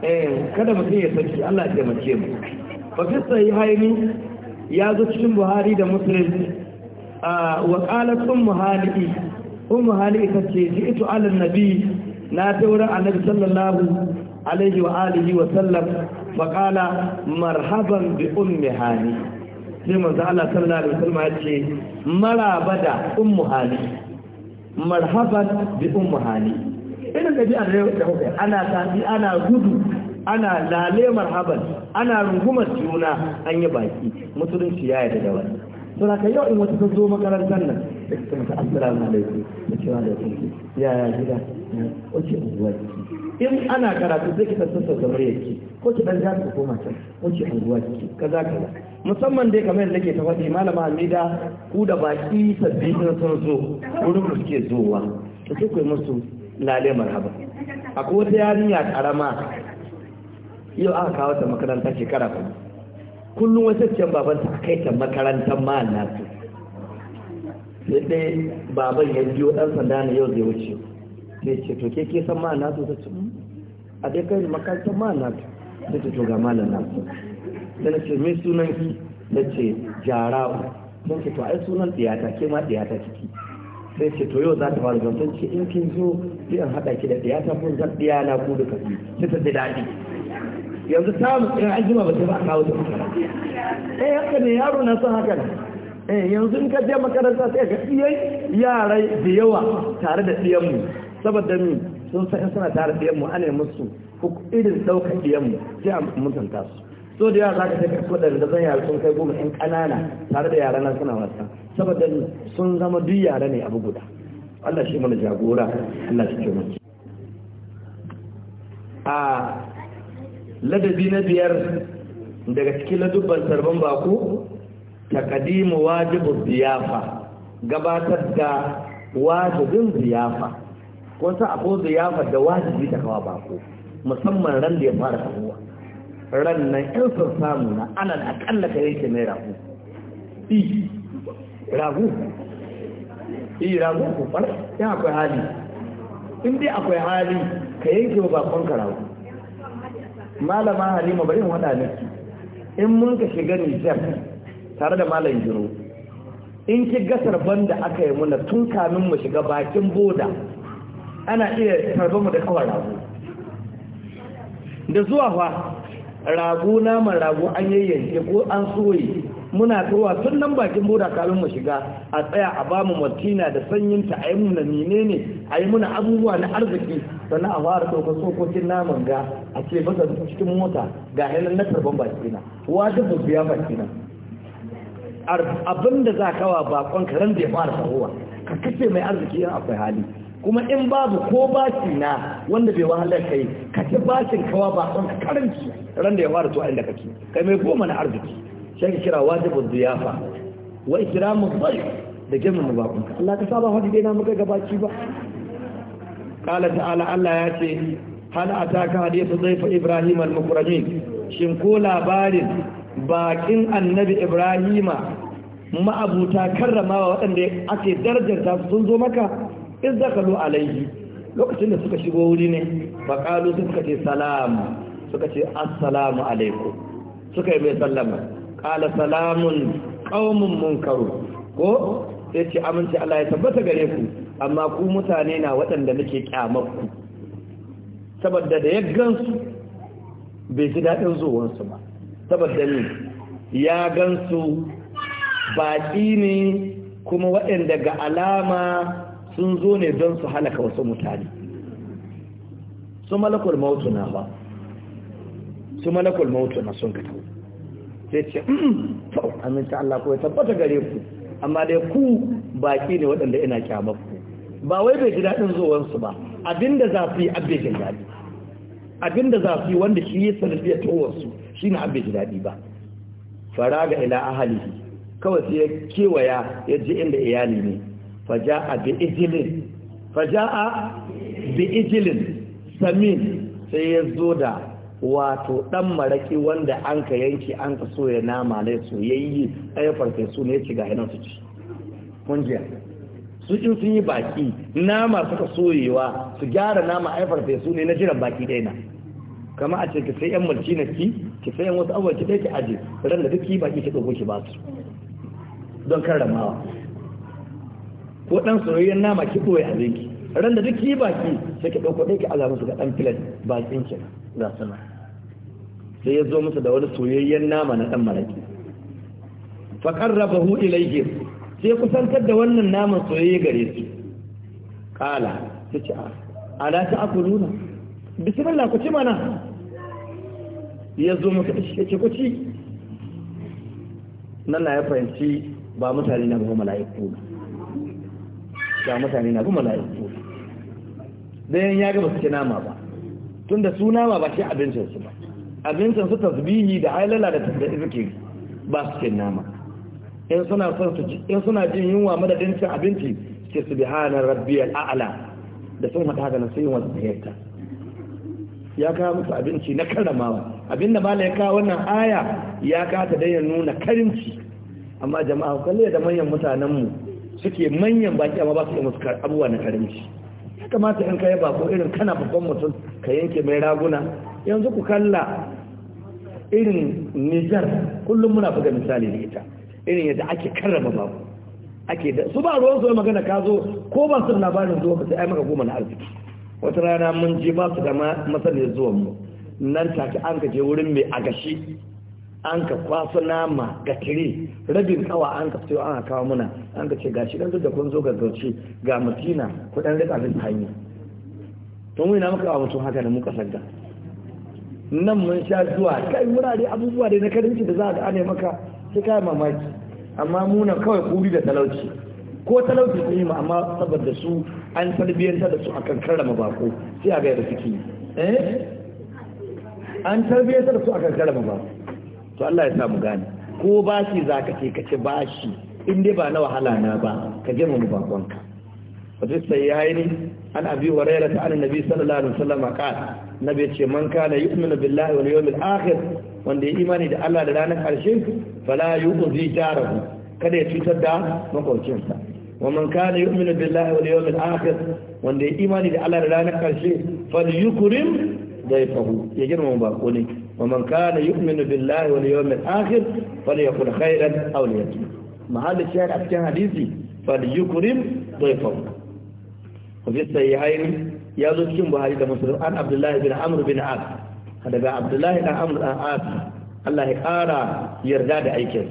eh kada mutum ya sabbi Allah ya taimake mu fa fi sahihaini ya zo cikin Buhari da Muslim ah, wa qalat ummu hali'i ummu hali'i tace ji'tu ala nabi na taura annabi sallallahu alaihi wa alihi wa sallam fa qala marhaban bi ummi hali'i sai manzo Allah sallallahu alaihi wasallam ya ce maraba da ummu hali marhaban bi ummu hali irin da bi'a da kuka ana tafi ana gudu ana lale marhaban ana rungumar juna an yi baki musulunci ya yarda da wani da ka yau in wata ta zo makarantar nan da ta assalamu alaikum da cewa da ya ya gida wace unguwar in ana karatu zai ki sassan zama ya ce ko ki dan ko koma ko ce anguwa za kaza kaza musamman dai kamar yadda ke ta faɗi malama Amida ku da baki sabbi sun zo wurin ku suke zowa to sai ku yi musu lale marhaba akwai wata yarinya karama yau aka kawo ta makaranta shekara kuma kullum wasu can baban ta kai ta makarantar ma'ana su sai dai baban ya biyo ɗan sanda na yau zai wuce sai ce to ke ke san ma'ana su ta ce mm, a dai kai makarantar malam da ta to ga malam na da na ce mai sunan ki Na ce jara'u don ce to ai sunan ɗiyata ke ma ɗiyata ciki sai ce to yau za ta fara zantar ce in kin zo sai an haɗa ki da ɗiyata kun zan ɗiya na ku da kafi sai ta daɗi yanzu samu in an jima ba sai ba a kawo ta makaranta eh haka ne yaro na son haka eh yanzu in ka je makaranta sai ga iyai, yarai da yawa tare da ɗiyanmu saboda mu sun san in suna tare da mu ana musu irin ɗaukar ɗiyanmu sai a mutunta su so da yawa za ka tafi kuma da zan yara sun kai goma 'yan ƙanana tare da yara nan suna wasa saboda sun zama duk yara ne abu guda Allah shi mana jagora Allah shi kyau mace a ladabi na biyar daga cikin ladubban sarban bako kadimu wajibin ziyafa gabatar da wajibin ziyafa kun sa akwai ya fada wajibi ta kawa bako musamman ran da ya fara kawowa ran nan in sun samu na ana da akalla ka yanke mai ragu i ragu i ragu ku fara in akwai hali in dai akwai hali ka yanke wa bakon ka ragu malama halima bari in wada ne in mun ka shiga nijar tare da malam jiro in ki gasar banda aka yi muna tun kamin mu shiga bakin boda ana iya karɓar mu da kawai rago da zuwa fa rago naman rago an yayyanke ko an soye muna turwa tun nan bakin boda kafin mu shiga a tsaya a ba mu martina da sanyinta a yi muna menene a yi muna abubuwa na arziki sannan a fara ɗaukar tsokokin naman ga a ce masa cikin mota ga hannun na tarban bakina wata biya bakina abin da za kawa bakon karen da ya fara sahowa ka kace mai arziki yan akwai hali kuma in babu ko baci na wanda bai wahalar kai ka ci bacin kawa ba don ka karanci ran da ya fara tuwa inda kake kai mai goma na arziki Sai ka kira wajibin ziyafa wa ikramu dhayf da jami'in bakon ka Allah ka saba hadi dai na muka gabaci ba qala ta'ala Allah ya ce hal ataka hadithu dhayf ibrahim al-mukramin shin ko labarin bakin annabi ibrahima ma'abuta wa waɗanda ake darajar ta sun zo maka in za ka zo alaihi lokacin da suka shigo wuri ne ba kalu suka ce salam suka ce assalamu alaikum suka yi mai sallama Kala salamun ƙaumin munkaru ko sai ce aminci Allah ya tabbata gare ku amma ku mutane na waɗanda nake kyamaku saboda da ya bai ji daɗin zuwansu ba saboda ni ya gansu baƙi ne kuma waɗanda ga alama sun zo ne don su halaka wasu mutane su malakul mautu na ba su malakul mautu na sun gata sai ce tau aminta Allah ko ya tabbata gare ku amma dai ku baki ne waɗanda ina kyamar ku ba wai bai ji daɗin zuwansu ba abinda za su yi abin jin daɗi abinda za su yi wanda shi yi sanadiyar towarsu shi na abin jin daɗi ba fara ga ila ahalihi kawai sai ya kewaya ya ji inda iyali ne faja'a bi ijilin bi ijilin samin sai ya zo da wato ɗan maraki wanda an ka yanki an ka soya nama ne soyayye ɗaya su ne ci ga hinan su ci kungiya su in sun yi baki nama suka soyewa su gyara nama ai su ne na jiran baƙi ɗaya na kama a ce ki sai yan mulki na ki ki sai yan wasu abubuwa ki ɗaya ki aje ran da duk ki baki ki ɗauko ki ba su don karramawa ko ɗan soyayyen nama ki ɓoye a zai ran da duk yi baki sai ki ɗauko ɗaya ki aza musu ga ɗan filan bakin ki ga sana na sai ya zo musu da wani soyayyen nama na ɗan malaki fa qarrabahu ilayhi sai kusantar da wannan naman soyayye gare su qala tace a ala ta'kuluna bismillah ku ci mana ya zo musu ce ku ci nan na ya fahimci ba mutane na ba mala'iku ba ga mutane na bin mala'iku dayan ya gaba suke nama ba tunda su nama ba shi abincinsu ba abincinsu tasbihi da halala da zikiri ba su nama in suna son su in suna jin yunwa madadin cin abinci ce subhana rabbiyal a'la da sun hada haka nasu sai yunwa ya kawo musu abinci na karramawa abinda mala ya kawo wannan aya ya kata da ya nuna karimci amma jama'a kalle da manyan mutanenmu suke manyan baki amma ba su yi musu abubuwa na karimci ya kamata in kayi bako irin kana babban mutum ka yanke mai raguna yanzu ku kalla irin nijar kullum muna buga misali da ita irin yadda ake karrama bako ake da su ba ruwan su magana ka zo ko ba su labarin zuwa ka sai ai maka goma na arziki wata rana mun je ba su da masaniyar zuwan mu nan take an gaji wurin mai agashi an ka kwaso nama ga tire rabin kawa an ka fito an kawo muna an ka ce ga shi duk da kun zo ga gauci ga mutina kudan rika bin hanya mu ina muka a mutum haka da muka sagga nan mun sha zuwa kai wurare abubuwa da na karinci da za ka ane maka sai kai mamaki amma na kawai kuri da talauci ko talauci sun yi amma saboda su an tarbiyyanta da su akan karrama bako sai a ga yadda suke eh an tarbiyyanta da su akan karrama bako to Allah ya samu gane ko bashi za ka ce ka ce bashi in dai ba na wahala na ba ka je mu bakonka wata sai ya yi ne an abi waraira ta an nabi sallallahu alaihi wasallam qal nabi ce man kana yu'minu billahi wal yawmil akhir wanda ya imani da Allah da ranar karshe fala yu'zi jarahu kada ya cutar da makwabcinsa wa man kana yu'minu billahi wal yawmil akhir wanda ya imani da Allah da ranar karshe falyukrim ضيفه يجرم باقوني ومن كان يؤمن بالله واليوم الآخر فليقل خيرا أو ليكن محل الشاهد أفتح حديثي فليكرم ضيفه وفي السيحين يازو كم بهاري مسلم عن عبد الله بن عمرو بن عاص هذا عبد الله بن عمرو بن عاص الله يقارى يرجع أيكس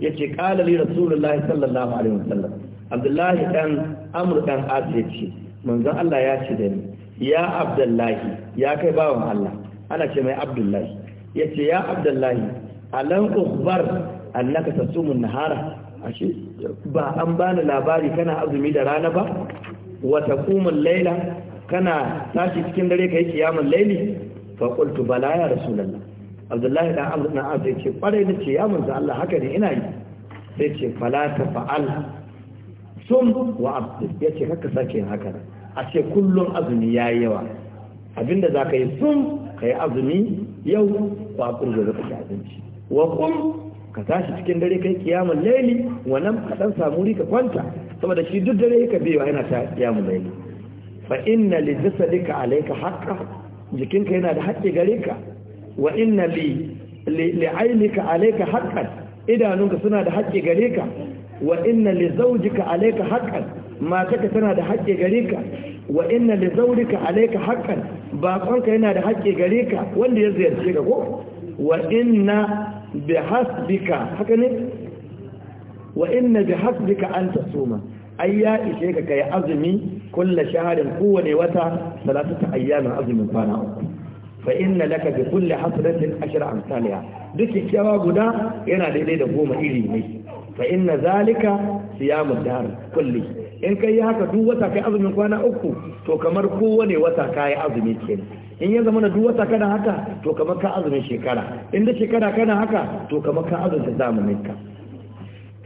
يتي قال لي رسول الله صلى الله عليه وسلم عبد الله بن عمرو بن عاص يتي منذ الله يا شدني يا عبد الله ya kai bawan Allah ana ce mai abdullahi ya ce ya abdullahi alan ukbar annaka tasumun nahara ashe ba an bani labari kana azumi da rana ba wa taqumul Laila kana tashi cikin dare kai kiyamul layli fa qultu bala ya rasulullah abdullahi dan amr dan azai ce kware ne ce ya manzo Allah haka ne ina yi sai ce fala ta fa'al sum wa abd ce haka sake haka a ce kullun azumi yayi yawa abinda za ka yi sun ka yi azumi yau ba kurje zaka ci abinci wa kum ka tashi cikin dare kai kiyamun laili nan ka dan samu rika kwanta saboda shi duk dare ka biyo yana ta kiyamun laili fa inna li jasadika alayka haqqa jikinka yana da haƙƙi gare ka wa inna li li aynika alayka haqqan idanunka suna da haƙƙi gare ka wa inna li zawjika alayka haqqan mataka tana da haƙƙi gare ka wa inna li zawrika alayka haqqan baƙonka yana da haƙƙi gare ka wanda ya ziyarce ka ko wa inna bihasbika haka ne wa inna bihasbika an tasuma ai ya ishe ka kai azumi kulla shaharin kowane wata salatata ayyamin azumin kwana uku fa inna laka bi kulli hasratin ashra amsalha duk kyakkyawa guda yana daidai da goma iri ne fa inna zalika siyamu dahr kulli in ka yi haka duk wata kai azumin kwana uku to kamar kowane wata ka yi azumi ke in ya zama duk wata kana haka to kamar ka azumin shekara in da shekara kana haka to kamar ka azumta zamanin ka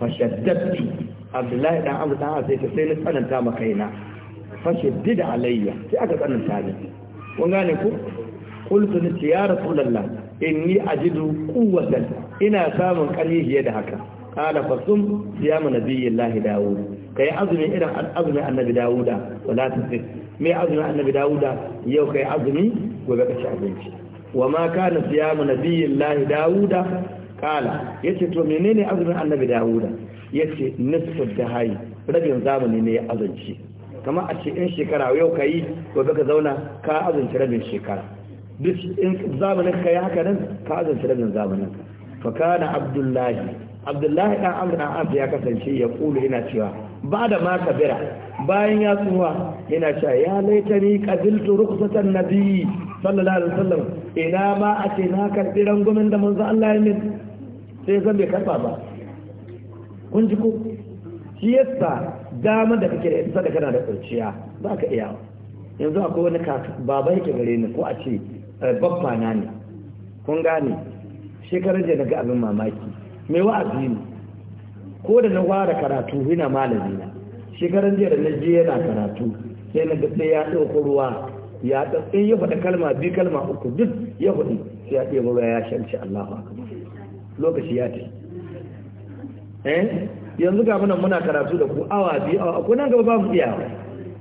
fashaddatti abdullahi dan abu dan sai sai na tsananta ma kaina fashaddida alayya sai aka tsananta ni kun gane ku qultu ni ya rasulullah inni ajidu quwwatan ina samun karfi fiye da haka qala fasum siyama nabiyillahi dawud ka yi azumi irin azumin annabi dawuda wala tasir mai azumin annabi dawuda yau ka yi azumi gobe ka ci abinci wa ma kana siyamu nabiyyin lahi dawuda kala ce to menene azumin annabi dawuda Ya yace nisfu dahayi rabin zamani ne ya azanci kamar a ce in shekara yau ka yi gobe ka zauna ka azanci rabin shekara duk in zamanin ka yi haka nan ka azanci rabin zamanin fa kana abdullahi abdullahi ɗan amina dan ya kasance ya kulu ina cewa ba da ma kabira bayan ya tsuwa yana cewa ya laitani qabiltu na biyu sallallahu alaihi wasallam ina ma a ce na karbi rangumin da manzo Allah ya min sai zan bai karɓa ba kun ji ko shi yasa dama da kake da ita da kana da kurciya ba ka iya yanzu akwai wani kaka baba yake gare ni ko a ce eh, babba na ne kun gane shekarar da na ga abin mamaki mai wa'azi ne ko da na ware karatu yana malami na shekaran jiya da na je yana karatu sai na gaɗe ya ɗauko ruwa ya ɗaɗɗe ya faɗa kalma bi kalma uku duk ya faɗi sai ya ɗaya ruwa ya shanci Allahu akbar lokaci ya ce eh yanzu ga munan muna karatu da ku awa biyu awa ko nan gaba babu iya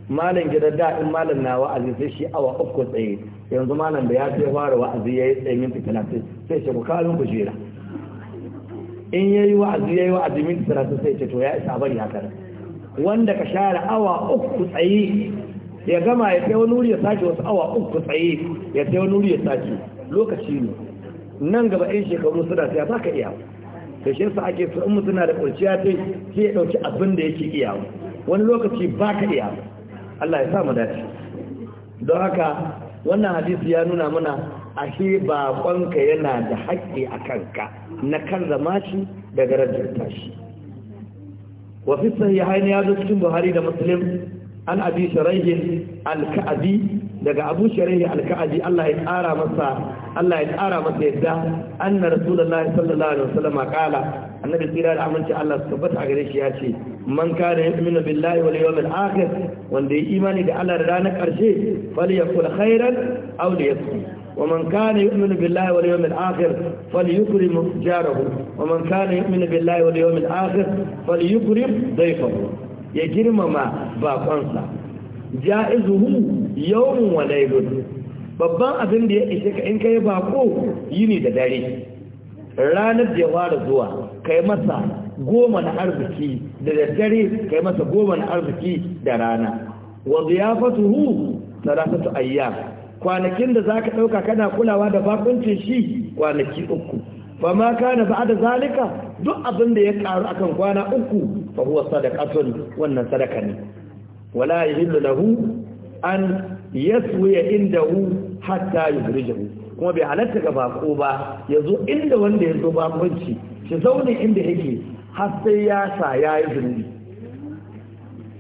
malam gidan da in malam na wa'azi sai shi awa uku tsaye yanzu malam da ya ce fara wa'azi yayi tsayin minti 30 sai shi ku kalin kujera in yayi wa'azi yayi wa'azi min salatu sai ce to ya isa bari haka wanda ka share awa uku tsaye ya gama ya kai wani wuri ya sake wasu awa uku tsaye ya kai wani wuri ya sake lokaci ne nan gaba in shekaru suna ta ba ka iya da shi yasa ake su in mutum na da kurciya sai sai ya ɗauki abin da yake iya wani lokaci ba ka iya Allah ya sa mu dace don haka wannan hadisi ya nuna mana A ashe baƙonka yana da haƙƙi a kanka na kan zama shi da darajarta shi wa ya sahihain ya zo cikin Buhari da Muslim an abi sharaihin al-ka'abi daga abu sharaihi al-ka'abi Allah ya tsara masa Allah ya tsara masa yadda anna rasulullahi sallallahu alaihi wasallam kala annabi tsira da aminci Allah su tabbata a gare shi ya ce man da yu'minu billahi wal yawmil akhir wanda ya imani da Allah da ranar karshe falyakul khairan aw liyasmut ومن كان يؤمن بالله واليوم الآخر فليكرم جاره ومن كان يؤمن بالله واليوم الآخر فليكرم ضيفه يجرم ما باقنصا جائزه يوم وليل babban abin da ya ishe ka in ka yi bako yini da dare ranar da ya fara zuwa ka yi masa goma na arziki da daddare ka yi masa goma na arziki da rana wanzu ya hu wa ziyafatuhu ta ayyam kwanakin da zaka dauka kana kulawa da bakuncin shi kwanaki uku fa ma kana ba'da zalika duk abin da ya karu akan kwana uku fa huwa sadaqatun wannan sadaka ne wala yahillu lahu an yaswi indahu hatta yubrijahu kuma bai halatta ga bako ba yazo inda wanda ya zo bakunci shi zaune inda yake har sai ya sa yayi zunubi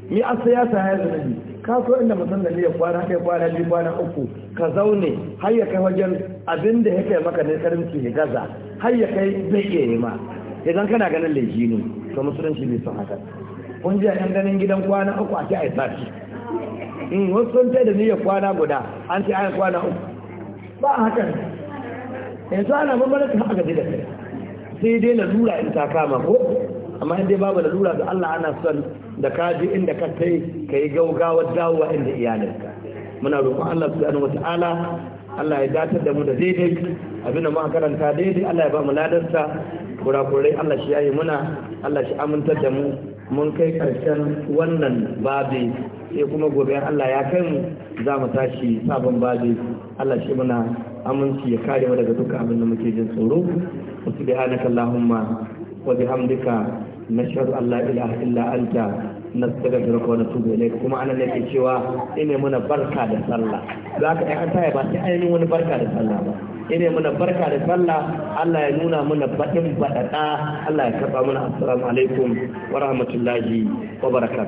mi ya sa zunubi ka so inda musamman da ya kwana ɗaya kwana biyu kwana uku ka zaune har ya kai wajen abin da ya kai maka ne karimci ya gaza har ya kai zai iya yi ma idan kana ganin laifi ne to musulunci bai son haka kun ji a yan ganin gidan kwana uku a ce a yi sati in mm, wasu sun ce da niyyar kwana guda an ce a yi kwana uku ba a hakan yanzu ana bambara ta haka da kai sai dai na lura in ta kama ko amma in dai babu lura, da Allah ana son da ka ji inda ka kai ka yi gaugawar dawowa inda iyalinka muna roƙon Allah subhanahu wata'ala Allah ya datar da mu da daidai abin da muka karanta daidai Allah ya ba mu ladarsa kurakurai Allah shi yayi muna Allah shi amintar da mu mun kai karshen wannan babi sai kuma gobe Allah ya kai mu za mu tashi sabon babi Allah shi muna aminci ya kare mu daga duka abin da muke jin tsoro subhanakallahumma wa bihamdika nashhadu an la ilaha illa anta nastaghfiruka wa natubu ilayk kuma ana ne ke cewa ine muna barka da sallah zaka ai an taya ba sai ainihin wani barka da sallah ba ina muna barka da sallah Allah ya nuna mana baɗin baɗaɗa Allah ya karɓa mana assalamu alaikum wa rahmatullahi wa barakatuh